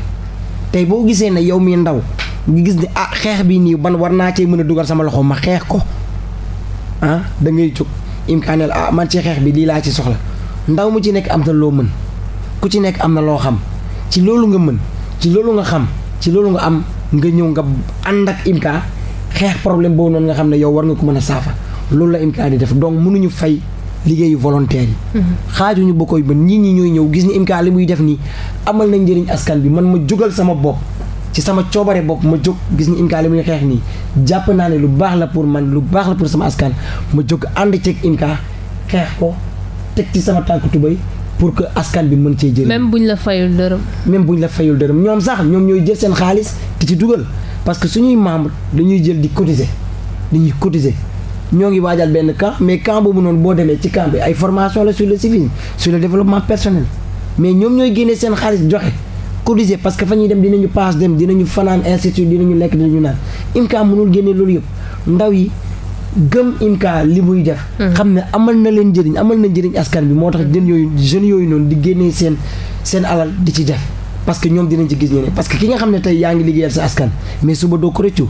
tey boo gisee ne yow mi ndaw nga gis ni ah xeex bi nii ban war naa cee mën a dugal sama loxo ma xeex ko ah da ngay jóg IMCA ah man ci xeex bi lii laa ci soxla ndaw mu ci nekk am na loo mën ku ci nekk am na loo xam ci loolu nga mën ci loolu nga xam ci loolu nga am nga ñëw nga ànd ak IMCA xeex problème boobu noonu nga xam ne yow war nga ko mën a saafa loolu la IMCA di def donc mënuñu fay liggéeyu volontaire yi mhm. xaajuñu ba koy bën ñii ñi ñooy ñëw gis ni IMCA li muy def nii amal na njëriñ askan bi man ma jógal sama bopp ci sama coobare bopp ma jóg gis ni IMCA li muy xeex nii jàpp naa ne lu baax la pour man lu baax la pour sama askan ma jóg ànd ceeg IMCA xeex ko teg ci sama tànk pour que askan bi mën cee jël. même buñ la fayul dërëm. même buñ la fayul dërëm ñoom sax ñoom ñooy jël seen xaalis di ci dugal parce que suñuy membre dañuy jël di cotiser dañuy cotiser ñoo ngi waajal benn camp mais camp boobu noonu boo demee ci camp bi ay formation la sur le civisme sur le développement personnel mais ñoom ñooy génnee seen xaalis joxe. cotiser parce que fa ñuy dem dinañu paas dem dinañu fanaan institut dinañu lekk ñu naan INCAR mënul génne loolu yëpp ndaw yi gëm INCA li muy def. Hmm. xam ne amal na leen njëriñ amal na njëriñ askan bi moo tax hmm. jeunes yooyu jeunes yooyu noonu di génnee seen seen alal di ci def parce que ñoom dinañ ci gis ñeneen parce que ki nga xam ne tey yaa ngi liggéeyal sa askan mais suba doo ko rëccu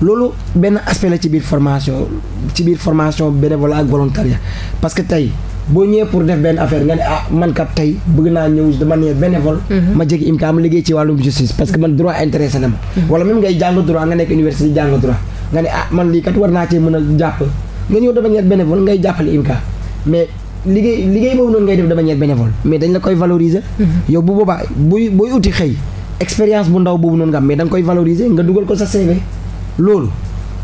loolu benn aspect la ci biir formation ci biir formation bénévolat ak volontariat parce que tey. boo ñëwee pour def benn affaire nga ne ah man kat tey bëgg naa ñëw de manière bénévole mhm. ma jege IMCA ma liggéey ci wàllum justice parce que man droit intéressé na ma mhm. wala même ngay jàng droit nga nekk université jàng droit nga ne ah man lii kat war naa cee mën a jàpp nga ñëw de manière bénévole ngay jàppale IMCA mais liggéey liggéey boobu noonu ngay def de manière bénévole mais dañ la koy valoriser mhm. yow bu boobaa buy booy uti xëy expérience bu ndaw boobu noonu nga mais da nga koy valoriser nga dugal ko sa loolu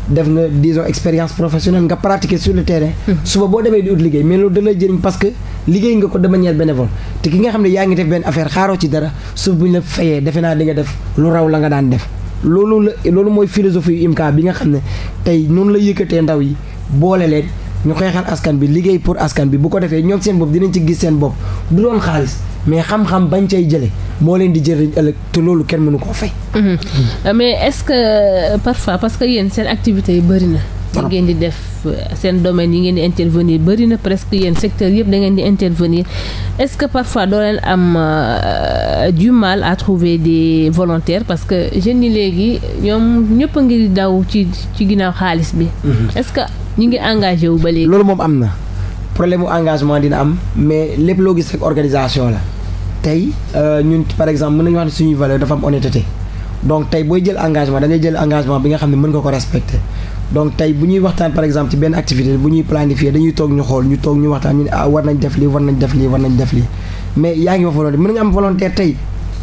def nga disons expérience professionnelle nga pratiquer sur le terrain. Hmm. suba boo demee di ut liggéey mais loolu dana jëriñ parce que liggéey nga ko de manière bénévole te ki nga xam ne yaa ngi def benn affaire xaaroo ci dara suba bu la fayee defe naa di def lu raw la nga daan def. loolu la loolu mooy philosophie yu IMCA bi nga xam ne tey noonu la yëkkatee ndaw yi boole leen. ñu xeexal askan bi liggéey pour askan bi bu ko defee ñoom seen bopp dinañ ci gis seen bopp du doon xaalis mais xam-xam bañ cay jëlee moo leen di jëriñ ëllëg te loolu kenn mënu koo fay. Mhm. Mhm. mais est-ce que euh, parfois parce que yéen seen activité yi bëri na. li ngeen di def euh, seen domaine yi ngeen di intervenir bëri na presque yéen secteur yëpp da ngeen di intervenir est-ce que parfois doo leen am euh, du mal à trouver des parce que jeunes yi léegi ñoom ñëpp a ngi daw ci ci ginnaaw xaalis bi. Mhm. est-ce que ñu ngi engagé wu ba loolu moom am na problème mu engagement dina am mais lépp loo gis rek organisation la tey euh, ñun par exemple mën nañu wax ne suñuy valeur dafa am honnêteté donc tey booy jël engagement da ngay jël engagement bi nga xam ne mën nga ko respecter. donc tey bu ñuy waxtaan par exemple ci benn activité bu ñuy planifier dañuy toog ñu xool ñu toog ñu waxtaan ñu ne ah war nañ def lii war nañ def lii war nañ def lii mais yaa ngi fa volonté mën nga am volontaire tey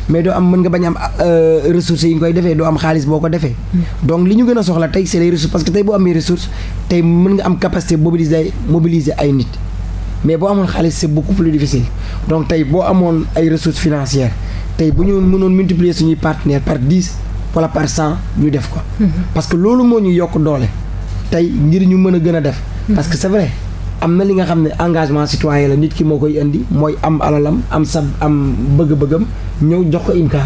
mais doo am mën nga bañ am euh, ressources yi nga koy defee doo am xaalis boo ko defee. Mm. donc li ñu gën a soxla tey see les ressources parce que tey boo amee ressources tey mën nga am capacité mobiliser mobiliser ay nit mais boo amoon xaalis c'est beaucoup plus difficile donc tey boo amoon ay ressources financières tey bu ñu mënoon multiplier suñuy partenaires par dix. wala par cent ñu def ko. Mhm. parce que loolu moo ñu yokk doole tey ngir ñu mën a gën a def. Mhm. parce que c'est vrai am na li nga xam ne engagement citoyen la nit ki moo koy indi mooy am alalam am sa am bëgg-bëggam ñëw jox ko INCA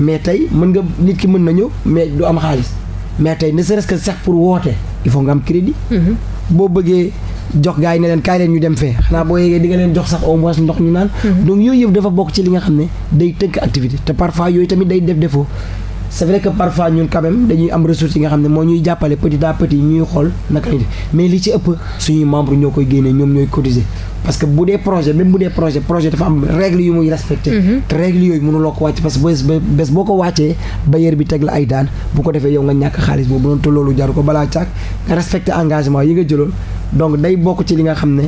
mais tey mën nga nit ki mën na ñëw mais du am xaalis mais tey ne serait-ce que sax pour woote il faut nga am crédit. Mhm. boo bëggee jox gars yi ne leen kaay leen ñu dem fee xanaa boo yeggee di nga leen jox sax au moins ndox ñu naan. donc yooyu bokk ci li nga xam ne day tënk activité te parfois yooyu tamit day def défaut. c' est vrai que parfois ñun quand dañuy am ressources nga xam ne moo ñuy jàppale petit à petit ñuy xool naka lañuy mais li ci ëpp suñuy membre ñoo koy génnee ñoom ñooy cotiser parce que bu dee projet même bu dee projet projet dafa am règle yu muy respecté mhm. te règle yooyu mënuloo ko wàcc parce que bés bés boo ko wàccee bailleur bi teg la ay daan bu ko defee yow nga ñàkk xaalis boobu noonu te loolu jaru ko balaa càkk nga respecté engagement yi nga jëloon donc day bokk ci li nga xam ne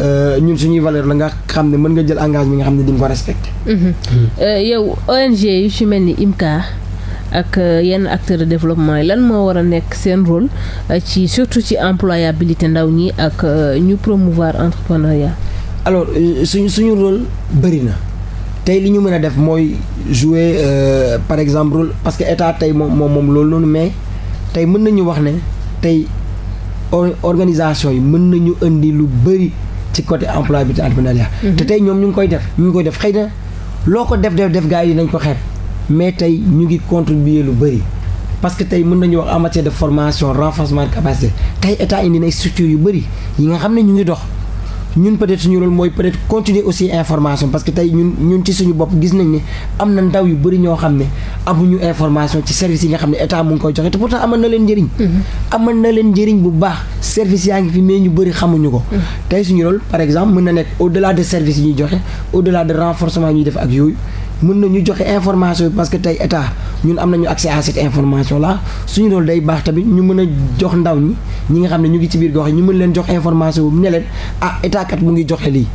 euh, ñun suñuy valeur la nga xam ne mën nga jël engagement yi nga xam ne di nga ko respecté mhm. mhm. euh, yow ONG ak euh, yenn acteur de développement yi lan moo war a nekk seen rôle euh, ci surtout ci employabilité ndaw ñi ak euh, ñu promouvoir entrepreneuriat. alors suñu suñu rôle bëri na tey li ñu mën a def mooy jouer par exemple rôle parce que état tey moom moom moom loolu noonu mais tey mën nañu wax ne tey organisation yi mën nañu indi lu bëri ci côté employabilité entrepreneuriat. Mhm. te tey ñoom ñu ngi koy def ñu ngi koy def xëy na loo ko def def def gaa yi nañ ko xeeb. mais tey ñu ngi contribuer lu bëri parce que tey mën nañu wax en de formation renforcement de capacité tey état indi na structure yu bëri yi nga xam ne ñu ngi dox ñun peut-être suñu loolu mooy peut-être continuer aussi information parce que tey ñun ñun ci suñu bopp gis nañ ne am na ndaw yu bëri ñoo xam ne amuñu information ci service yi nga xam ne état mu ngi koy joxe te pourtant amal na leen njëriñ. Mm-hmm. amal na leen njëriñ bu baax service yaa ngi fi ñu bëri xamuñu ko. Mm-hmm. tey suñu loolu par exemple mën na nekk au-delà de service ñuy joxe au-delà de renforcement ñuy def ak yooyu. mën na ñu joxe information bi parce que tey état ñun am nañu accès à cette information là suñu rôle day baax tamit ñu mën a jox ndaw ñi ñi nga xam ne ñu ngi ci biir gox yi ñu mën leen jox information bu ne leen ah état kat mu ngi joxe lii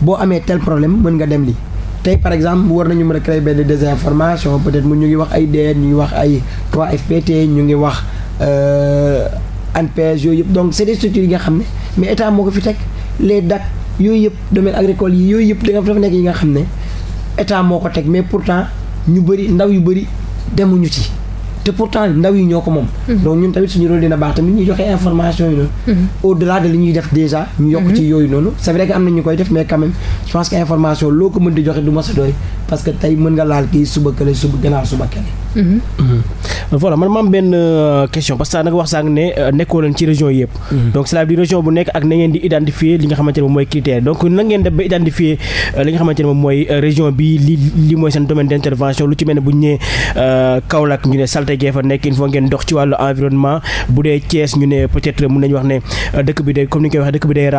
boo amee tel problème mën nga dem lii. tey par exemple war nañu mën a créer benn désinformation peut-être mu ñu ngi wax ay DER ñu ngi wax ay 3FPT ñu ngi wax ANPEJ euh, yooyu yëpp donc c'est des yi nga xam ne mais état moo ko fi teg les DAC yooyu yëpp domaine agricole yi yooyu yëpp dafa nekk yi nga xam ne. état moo ko teg mais pourtant ñu bëri ndaw yu bëri demuñu ci te pourtant ndaw yi ñoo ko moom. Mhm. donc ñun tamit suñu rôle dina baax tamit ñuy joxe information yi noonu. Mhm. au de li ñuy def déjà. ñu yokk ci mhm. yooyu noonu c'est vrai que tey mën nga laal kii suba kële suba kële. voilà euh, euh, mooy critère donc na ngeen ba identifier euh, li nga xamante ne mooy région bi li li mooy seen domaine d'intervention lu ci mel bu ñu nee Kaolack ñu ne Salte jafe nekk il faut dox ci wàllu environnement bu dee Thiès ñu ne peut-être mun nañu wax ne euh, dëkk bi dee comme da ni ñu waxee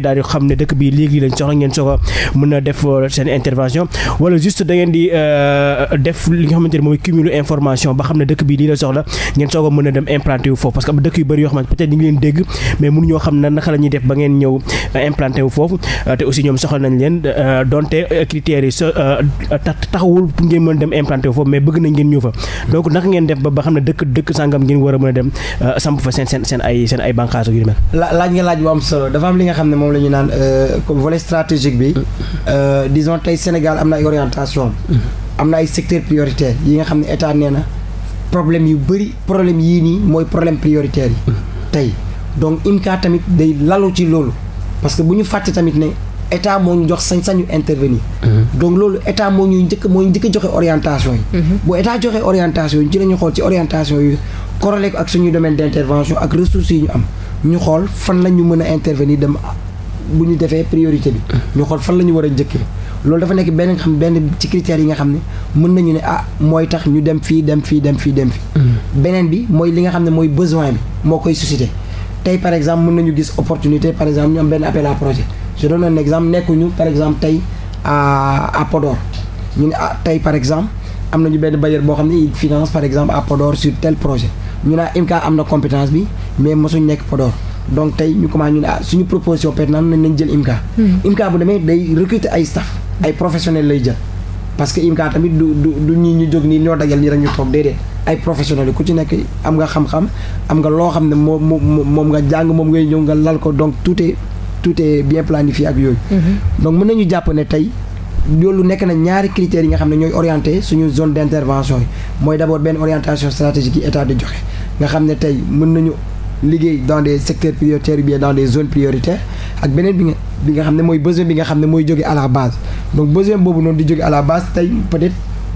daal xam ne dëkk bi léegi lañ soxla ngeen soog a mën def euh, seen intervention wala juste da di euh, def li nga xamante ne information ba xam ne dëkk bi lii la soxla ngeen soog a mën a dem implanté wu foofu parce que am dëkk yu bëri yoo xam ne peut-être ñu leen dégg mais mënu ñoo xam ngeen ñëw euh, implanté wu foofu euh, te aussi ñoom euh, bëgg nañ ngeen ñëw fa donc naka ngeen def ne dëkk a a dem samp fa seen seen seen ay seen ay bànqaas yu am ne moom la ñu naan comme volet stratégique bi disons tey Sénégal am na ay orientation am mm-hmm. na ay secteur prioritaire yi nga xam ne état nee problème yu bëri problème yii nii mooy problème prioritaire yi. tey donc INCA tamit day lalu ci loolu parce que bu ñu fàtte tamit ne état moo ñu jox sañ-sañu intervenir. donc loolu état moo ñuy njëkk moo ñu njëkk joxe orientation yi. Mhm. bu état joxe orientation yi ci la ñu xool ci orientation yi corrélé ko ak suñu domaine d' intervention ak ressources yi ñu am ñu xool fan la ñu mën a intervenir dem bu ñu defee priorité bi ñu xool fan la ñu war a njëkkee loolu dafa nekk benn nga xam benn ci critères yi nga xam ne mën nañu ne ah mooy tax ñu dem fii dem fii dem fii dem fii mm. beneen bi mooy li nga xam ne mooy besoin bi moo koy suscité tey par exemple mën nañu gis opportunité par exemple ñu am benn appel à projet je donne un exemple nekkuñu par exemple tey à à ñu ne ah tey par exemple am nañu benn bailleur boo xam ne il finance par exemple à Podor sur projet ñu naa ah, IMCA am na compétence bi mais mosuñ nekk Podor donc tey ñu commencé ñu ne ah suñu proposition peut être nan nañ jël IMCA. Hmm. IMCA bu demee day recruter ay staff ay professionnels lay jël. parce que IMCA tamit du du du ñii ñu jóg nii ñoo dajal nii rek ñu toog déedéet ay professionnels yi ku ci nekk am nga xam-xam am nga loo xam ne moom moom nga jàng moom ngay ñëw nga lal ko donc tout est tout est bien planifié ak yooyu. Hmm. donc mën nañu jàpp ne tey. loolu nekk na ñaari critères yi nga xam ne ñooy orienté suñu zone d' intervention mooy d' abord benn orientation stratégique yi état di nga xam ne tey mën nañu liggéey dans des secteurs prioritaires ou bien dans des zones prioritaires ak beneen bi nga bi nga xam ne mooy besoin bi nga xam ne mooy jóge à la base donc besoin boobu noonu di jóge à la base tey peut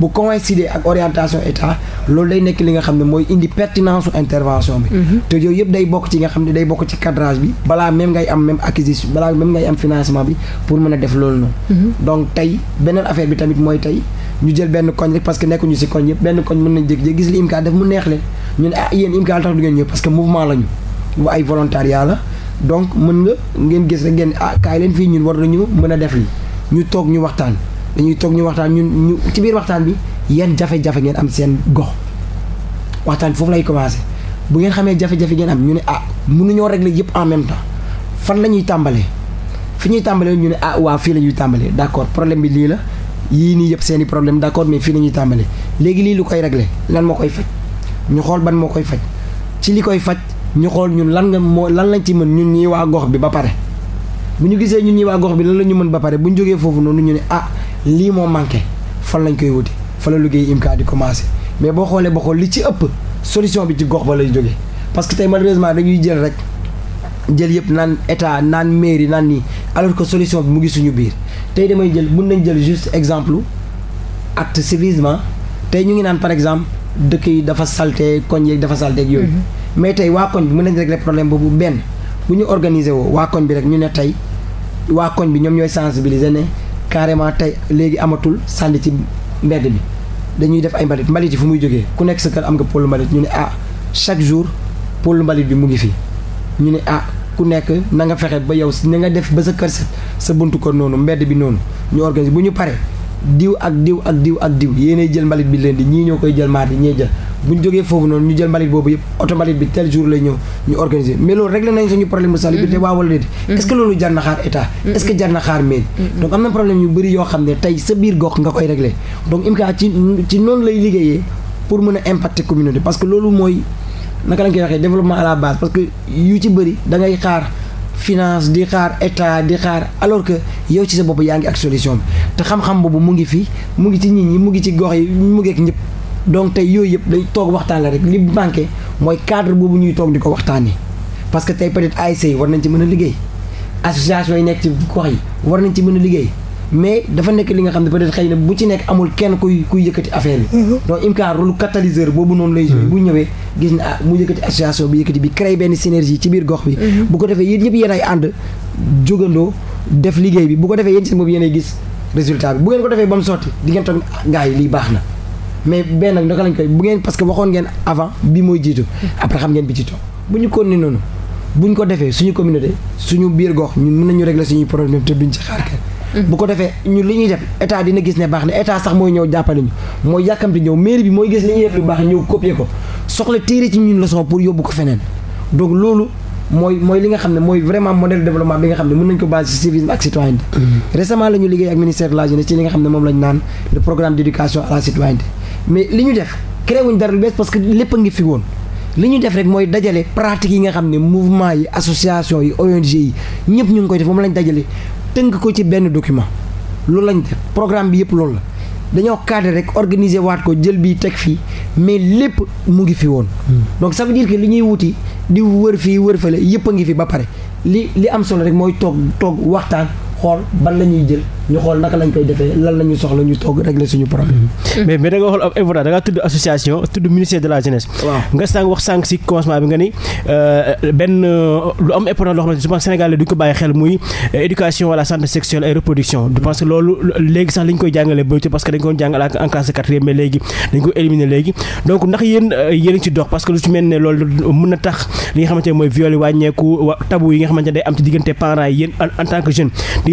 bu coïncider ak orientation état loolu day nekk li nga xam ne mooy indi pertinence intervention bi. Mhm. te yooyu yëpp day bokk ci nga xam ne day bokk ci cadrage bi balaa même ngay am même acquisition balaa même ngay am financement bi pour mën a def loolu noonu. Mhm. donc tey beneen affaire bi tamit mooy tey ñu jël benn koñ rek parce que nekkuñu ci koñ yëpp benn koñ mën nañ jékki-jékki gis li IMCAR def mu neex leen ñu ne ah yéen IMCAR tax du ngeen ñëw parce la ñu mën nga ngeen gis rek ngeen ah kaay leen fii ñun war nañu mën a def li ñu toog ñu waxtaan. dañuy toog ñu waxtaan ñun ñu ci biir waxtaan bi yan jafe-jafe ngeen am seen gox waxtaan foofu lay commencé bu ngeen xamee jafe-jafe ngeen am ñu ne ah mënuñoo régler yëpp en même temps fan lañuy ñuy tàmbalee fi ñuy tàmbalee ñu ne ah waa fii la ñuy tàmbalee d' accord bi lii la yi nii yëpp seen i problème d' accord mais fii la ñuy tàmbalee léegi lii lu koy régler lan moo koy faj ñu xool ban moo koy faj ci li koy faj ñu xool ñun lan nga moo lan lañ ci mën ñun ñii waa gox bi ba pare ñu gisee ñun waa gox bi lan la ñu mën ba pare bu ñu jógee noonu ñu ne ah lii moo manqué fan lañ koy wuti fan la liggéey IMCA di commencé mais boo xoolee boo li ci ëpp solution bi ci gox ba lay jógee parce que tey malheureusement dañuy jël rek jël yëpp naan état naan mairie naan nii alors que solution bi mu ngi suñu biir tey damay jël mun nañ jël juste exemple art civilisement tey ñu ngi naan par exemple dëkk yi dafa salte koñ yeeg dafa salté ak yooyu. Mhm. mais tey waa koñ bi mën nañ régler problème boobu benn bu ñu organiser woo waa koñ bi rek ñu ne tey waa koñ bi ñoom ñooy sensibiliser ne. carrément tey léegi amatul sànni ci mbedd bi dañuy def ay mbalit mbalit yi fu muy jógee ku nekk sa kër am nga pôle mbalit ñu ne ah chaque jour pôle mbalit bi mu ngi fii ñu ne ah ku nekk na nga fexe ba yow na nga def ba sa kër set sa buntu ko noonu mbedd bi noonu ñu organise bu ñu paree diw ak diw ak diw ak diw yéenay jël mbalit bi leen di ñii ñoo koy jël maat yi ñee jël bu ñu jógee foofu noonu ñu jël mbalit boobu yëpp oto mbalit bi tel jour lay ñëw ñu organiser mais loolu réglé nañ suñu problème de salubrité mhm. waa wala déet mhm. est ce que loolu jar na xaar état mhm. est ce que jar na xaar mairie donc am na problème yu bëri yoo xam ne tey sa biir gox nga koy réglé donc IMCA ci ci lay liggéeyee pour mën a impacter communauté parce que loolu mooy naka lañ koy waxee développement à la base parce que yu ci bëri da ngay xaar finance di xaar état di xaar alors que yow ci sa bopp yaa ngi ak solution bi te xam-xam boobu mu ngi fi mu ngi ci nit ñi mu ngi ci gox yi mu ngi ak ñëpp donc tey yooyu yëpp day toog waxtaan la rek li manqué mooy cadre boobu ñuy toog di ko waxtaanee parce que tey peut-être ASC war nañ ci mën a liggéey association yi nekk ci gox yi war nañ ci mën a liggéey mais dafa nekk li nga xam ne peut-être xëy na bu ci nekk amul kenn kuy kuy yëkkati affaire bi. Mhm. donc IMCA lu catalyseur boobu noonu lay. Mhm. bu ñëwee gis na ah mu yëkkati association bi yëkkati bi créer benn synergie ci biir gox bi. Mhm. bu ko defee yéen ñëpp yéen ay ànd jógandoo def liggéey bi bu ko defee yéen si boobu yéen ay gis résultat bi bu ngeen ko defee ba mu sotti di mais benn nag naka lañ koy bu ngeen parce que waxoon ngeen avant bi mooy jiitu après xam ngeen bi ci toog bu ñu continuer noonu bu ñu ko defee suñu communauté suñu biir gox ñun mun nañu régler suñu problème te duñ ci xaar kenn mm-hmm. bu ko defee ñu li ñuy def état dina gis ne baax ne état sax mooy ñëw jàppale ñu mooy yàkkamti ñëw mairie bi mooy gis li ñuy def lu baax ñëw copier ko soxla téere ci ñu la leçon pour yóbbu ko feneen donc loolu mooy mooy li nga xam ne mooy vraiment modèle de développement bi nga xam ne mën nañ ko base ci civisme ak citoyenneté mm-hmm. récemment la ñu liggéey ak ministère de la jeunesse ci li nga xam ne moom lañ naan le programme d' éducation à mais li ñu def créé dara lu bees parce que lépp a ngi fi woon li ñu def rek mooy dajale pratique yi nga xam ne mouvement yi association yi ONG yi ñëpp ñu ngi koy def moom lañ dajale tënk ko ci benn document loolu lañ def bi yëpp loolu la dañoo cadre rek organiser waat ko jël bi teg fii mais lépp mu ngi fi woon. donc ça veut dire li ñuy wuti di wër fii wër fële yëpp a ngi fi ba pare li li am solo rek mooy toog toog waxtaan. xool ban la ñuy jël ñu xool naka lañ koy defee lan la soxla ñu toog régler suñu problème. Mm-hmm. mais ni euh, benn lu am important loo xamante je pense Sénégal duñ ko bàyyi xel muy euh, éducation wala santé sexuelle et reproduction. je pense que loolu léegi sax liñ koy jàngalee bëccëg parce que dañ koy jàngal en classe quatrième mais léegi dañ ko éliminer léegi donc ndax yéen euh, yéen ci dox parce que lu ci mel ne loolu mën na tax li nga xamante mooy viol wàññeeku tabu yi nga xamante day am ci diggante parents yi en tant que jeune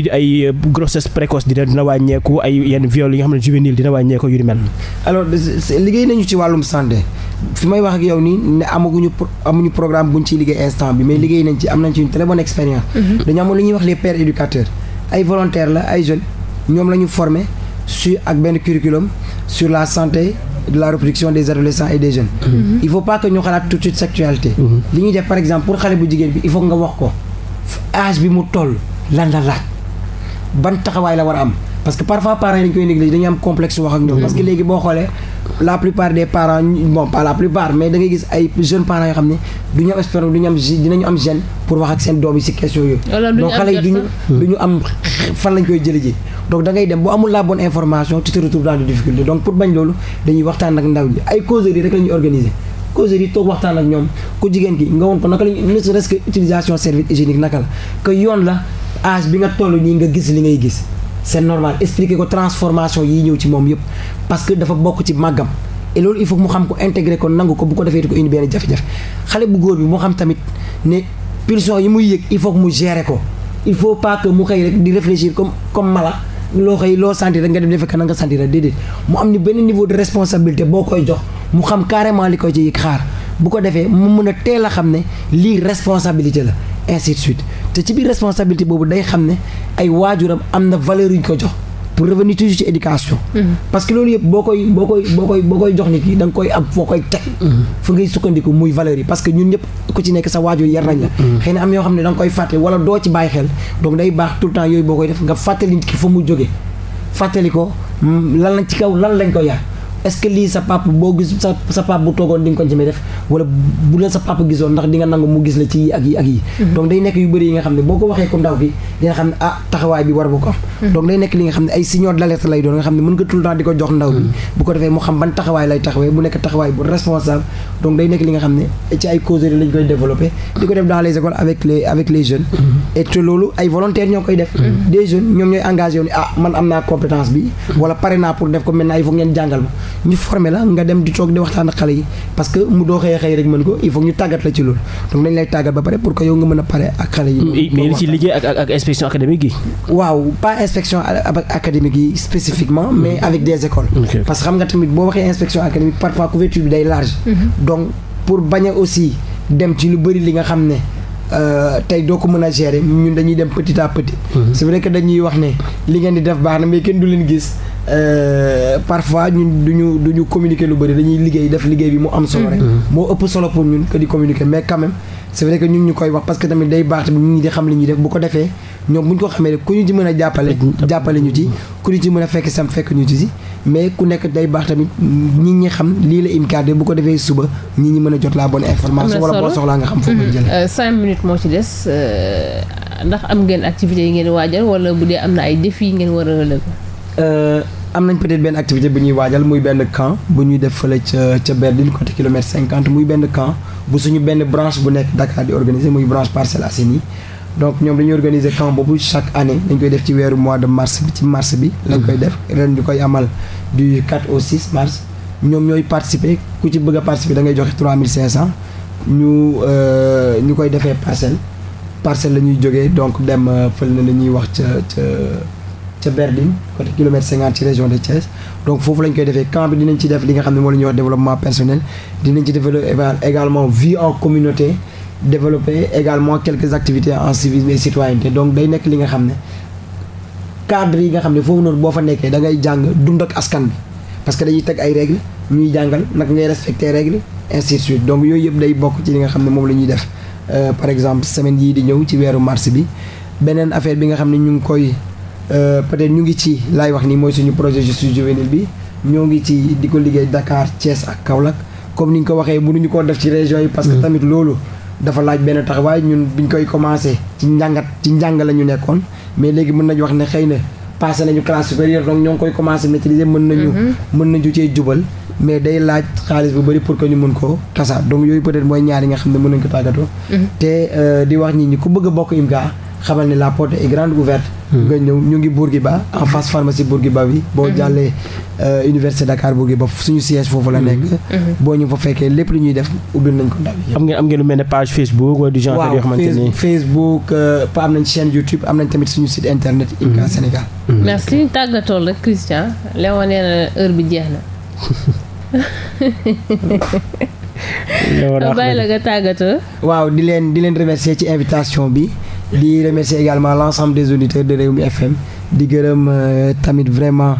lii di ay grossesse précoce dina dina wàññeeku ay yenn viol yi nga xam ne juvénile dina li mm-hmm. mm-hmm. ñuy wax les pères éducateurs ay volontaires la ay jeunes ñoom la ñu formé ak benn curriculum sur la santé. de la reproduction des adolescents et des jeunes. Mm -hmm. il faut pas que ñu xalaat tout de mm-hmm. li ñuy def par exemple pour xale bu jigéen bi il faut nga wax ko âge bi mu toll lan la laaj. ban taxawaay la war am parce que parfois parents yi dañ koy négligé dañuy am complexe wax ak ñoom parce que léegi boo xoolee la plupart des parents bon pas la plupart mais da gis ay jeunes parents yoo xam ne du ñu am espérance du ñu am dinañu am gêne pour wax ak seen doom yi ci question yooyu donc xale yi duñu duñu am fan lañ koy jële ji donc da ngay dem bu amul la bon information tu te retrouves dans des difficultés donc pour bañ loolu dañuy waxtaan ak ndaw ji ay causeries rek la waxtaan ak ñoom ku jigéen ki nga woon ko naka la ne serait-ce que utilisation serviette hygiénique naka âge bi nga toll nii nga gis li ngay gis c'est normal expliquer ko transformation yi ñëw ci moom yëpp parce que dafa bokk ci màggam et loolu il faut mu xam ko intégrer ko nangu ko bu ko defee ko indi benn xale bu góor bi moo xam ne pulsion yi muy il faut que mu gérer ko il faut pas mu xëy rek di réfléchir comme comme mala loo xëy loo sentir rek nga dem defe ka na nga sentir rek déedéet mu am ni benn niveau de responsabilité boo koy jox mu xam carrément li koy ci xaar bu ko defee mu mun a teel a xam ne lii responsabilité la ainsi de suite te ci biir responsabilité boobu day xam ne ay waajuram am na valeur yuñ ko jox pour revenir toujours ci éducation. Mhm. parce que loolu yëpp boo koy boo koy boo koy boo koy jox nit ki da nga koy am foo koy teg. Mhm. ngay sukkandiku muy valeur yi que ñun ñëpp ku ci nekk sa waajur yar nañ la. Mhm. xëy na am yoo xam ne da koy fàtte wala doo ci bàyyi xel donc day baax tout le temps yooyu boo koy def nga fàttali nit ki fa mu jógee fàttali ko mm, lan lañ ci kaw lan lañ ko yaa est-ce que lii sa papa boo gis sa sa papa bu toogoon di nga ko ci may def wala bu la sa papa gisoon ndax di nga nangu mu gis la ci yi ak yi ak yi mhm. donc day nekk yu bëri yi nga xam ne boo ko waxee ko ndaw bi dina xam ne ah war bu ko am mhm. nekk li nga xam ne ay signaux d'alerte lay doon nga xam ne mën nga tout le temps di ko jox ndaw bi mhm. bu ko defee mu xam ban taxawaay lay taxawee bu nekk taxawaay bu responsable donc day nekk li nga xam ne ci ay causeries lañ koy développé di ko def dans les écoles avec loolu ay volontaires ñoo koy def des jeunes ñoom ñooy engagé yoon ah man am naa bi wala pare naa pour def ko maintenant ngeen jàngal ñu formé la nga dem di toog di waxtaan ak xale yi parce que mu doo xëy xëy rek mën ko il faut ñu tàggat la ci loolu donc dañ lay tàggat ba pare pour que yow nga mën a pare ak xale yi. mais ci liggéey ak ak inspection académique yi. waaw pas inspection académique yi spécifiquement mais mm-hmm. avec des écoles. parce que xam nga tamit boo waxee inspection académique parfois couverture bi day large. Mm-hmm. donc pour bañ a aussi dem ci lu bëri li nga xam ne. Euh, tey doo ko mën a gérer ñun dañuy dem petit à petit. Mhm. c'est vrai que dañuy wax ne li ngeen di def baax na mais kenn du leen gis. Euh, parfois ñun duñu duñu communiquer lu bari dañuy liggéey def liggéey bi mu am solo mhm. moo ëpp solo pour ñun que di communiquer mais quand c'est vrai que ñu ñu koy wax parce que tamit day baax tamit ñu ngi di xam li def bu ko defee ñoom bu ñu ko xamee rek ku ñu ci mën a jàppale jàppale ñu ci ku ñu ci mën a fekk sam fekk ñu ci si mais ku nekk day baax tamit ñi ñi xam lii la IMCAD bu ko defee suba ñi ñi mën a jot la bonne information wala boo soxlaa nga xam foo koy jëlee euh, cinq minutes moo ci des euh, ndax am ngeen activité yi ngeen waajal wala bu dee am na ay défis yi ngeen war a relever euh, am nañ peut-être benn activité bu ñuy waajal muy benn camp bu ñuy def fële ca côté kilomètre cinquante muy benn camp bu suñu benn branche bu nekk Dakar di organiser muy branche Parcelles Assainies donc ñoom dañuy organiser camp boobu chaque année dañ koy def ci weeru mois de mars bi ci mars bi lañ koy def ren ñu koy amal du 4 au 6 mars ñoom ñooy participer ku ci bëgg a participer da ngay joxe 3500 ñu euh, ñu koy defee parcelle parcelle la ñuy jógee donc dem euh, fël na la ñuy wax ca ca ca Berdine côté kilomètre ci région de Thiès donc foofu lañ koy defee camp bi dinañ ci def li nga xam ne moo la ñuy wax développement personnel dinañ ci développer également vie en communauté développer également quelques activités en civisme et citoyenneté donc day nekk li nga xam ne cadre yi nga xam ne foofu noonu boo fa nekkee da jàng dund ak askan bi parce que dañuy teg ay règles ñuy jàngal naka ngay respecter règles ainsi de donc yooyu yëpp day bokk ci li nga xam ne moom la ñuy def euh, par exemple semaine yii di ñëw ci weeru mars bi beneen affaire bi nga xam ne ñu ngi koy Euh, peut-être ñu ngi ci laay wax ni mooy suñu projet justice juvénile bi ñoo ngi ci di ko liggéey Dakar Thiès ak Kaolack comme ni nga ko waxee mënuñu koo def ci région yi. parce que mm. tamit loolu dafa laaj benn taxawaay ñun biñ koy commencé. ci njàngat ci njàng la ñu nekkoon mais léegi mën nañu wax ne xëy na passé nañu classe supérieure donc ñoo ngi koy commencé maîtriser mën nañu. Mm-hmm. mën nañu cee jubal. mais day laaj xaalis bu bari pour que ñu mën koo tasaat donc yooyu peut-être mooy ñaar nga xam ne mën nañu ko tàggatoo. Mm-hmm. te euh, di wax nit ñi ku bëgg a bokk IMCA. xamal ni la porte est grande ouverte. nga ñëw ñu ngi Bourguiba en face pharmacie Bourguiba bi. boo mhm. jàllee euh, université Dakar Bourguiba suñu siège foofu la mhm. nekk. Mhm. boo ñu fa fekkee lépp lu ñuy def ubbil nañ ko ndaw yi. am ngeen lu mel ne page Facebook wala du genre. yoo xamante ni euh, nañ chaîne YouTube am nañ tamit suñu site internet. IMCA Sénégal. merci tàggatool rek Christian Léon nee heure bi jeex na. Léon bàyyi la nga tàggatoo. waaw di leen di leen remercier ci invitation bi. di remercier également l' ensemble des auditeurs de Rewmi FM di gërëm euh, tamit vraiment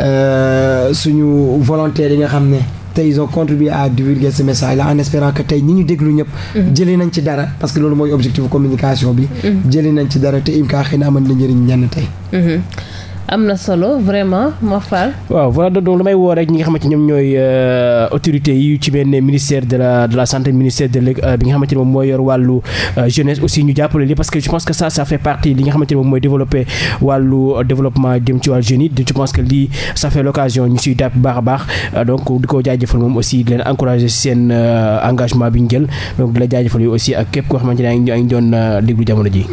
euh, suñu volontaires yi nga xam ne tey ils ont à divulguer ce message là en espérant que tey ñi ñu déglu ñëpp. Mm-hmm. jëlee nañ ci dara parce que loolu mooy objectif communication bi. Mm-hmm. jëlee nañ ci dara te IMCA xëy na amoon na njëriñ ñenn tey. Mm-hmm. am na solo vraiment Mor Fall. waaw voilà donc damay woo rek ñi nga xamante ñoom ñooy euh, autorités yi ci benn ministère de la de la santé ministère de euh, bi nga xamante moom mooy yor wàllu euh, jeunesse aussi ñu jàppale li parce que je pense que ça ça fait partie li yi je pense que ñu siy dàpp baax baax donc di ko jaajëfal moom aussi leen encourager seen engagement bi ñu jël donc di la jaajëfal yow aussi képp koo xamante ne a doon déglu jamono ji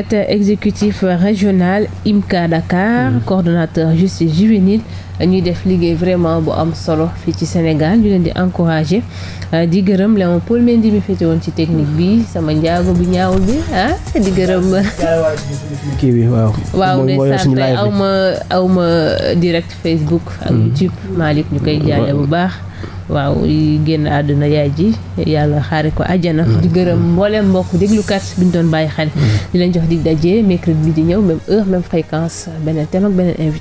secrétaire exécutif régional IMCA Dakar hmm. coordonnateur justice juvénile ñuy def liggéey vraiment bu am solo fii ci Sénégal ñu leen di encourager euh, di gërëm Léon Paul Mendy mi féete woon ci technique bi sama njaago bu ñaawul bi ah di gërëm. kii waaw. waaw ndeysaan tey aw ma aw ma direct Facebook. ak hmm. YouTube Malick ñu koy jaale bu baax. waaw génn àdduna yaay ji yàlla xaare ko àjjana mm. di gërëm mbooleem mbokk déglu déglukat bi ñu doon bàyyi xel mm. di leen jox di dajee mercredi bi di ñëw même heure même fréquence beneen thème ak beneen invité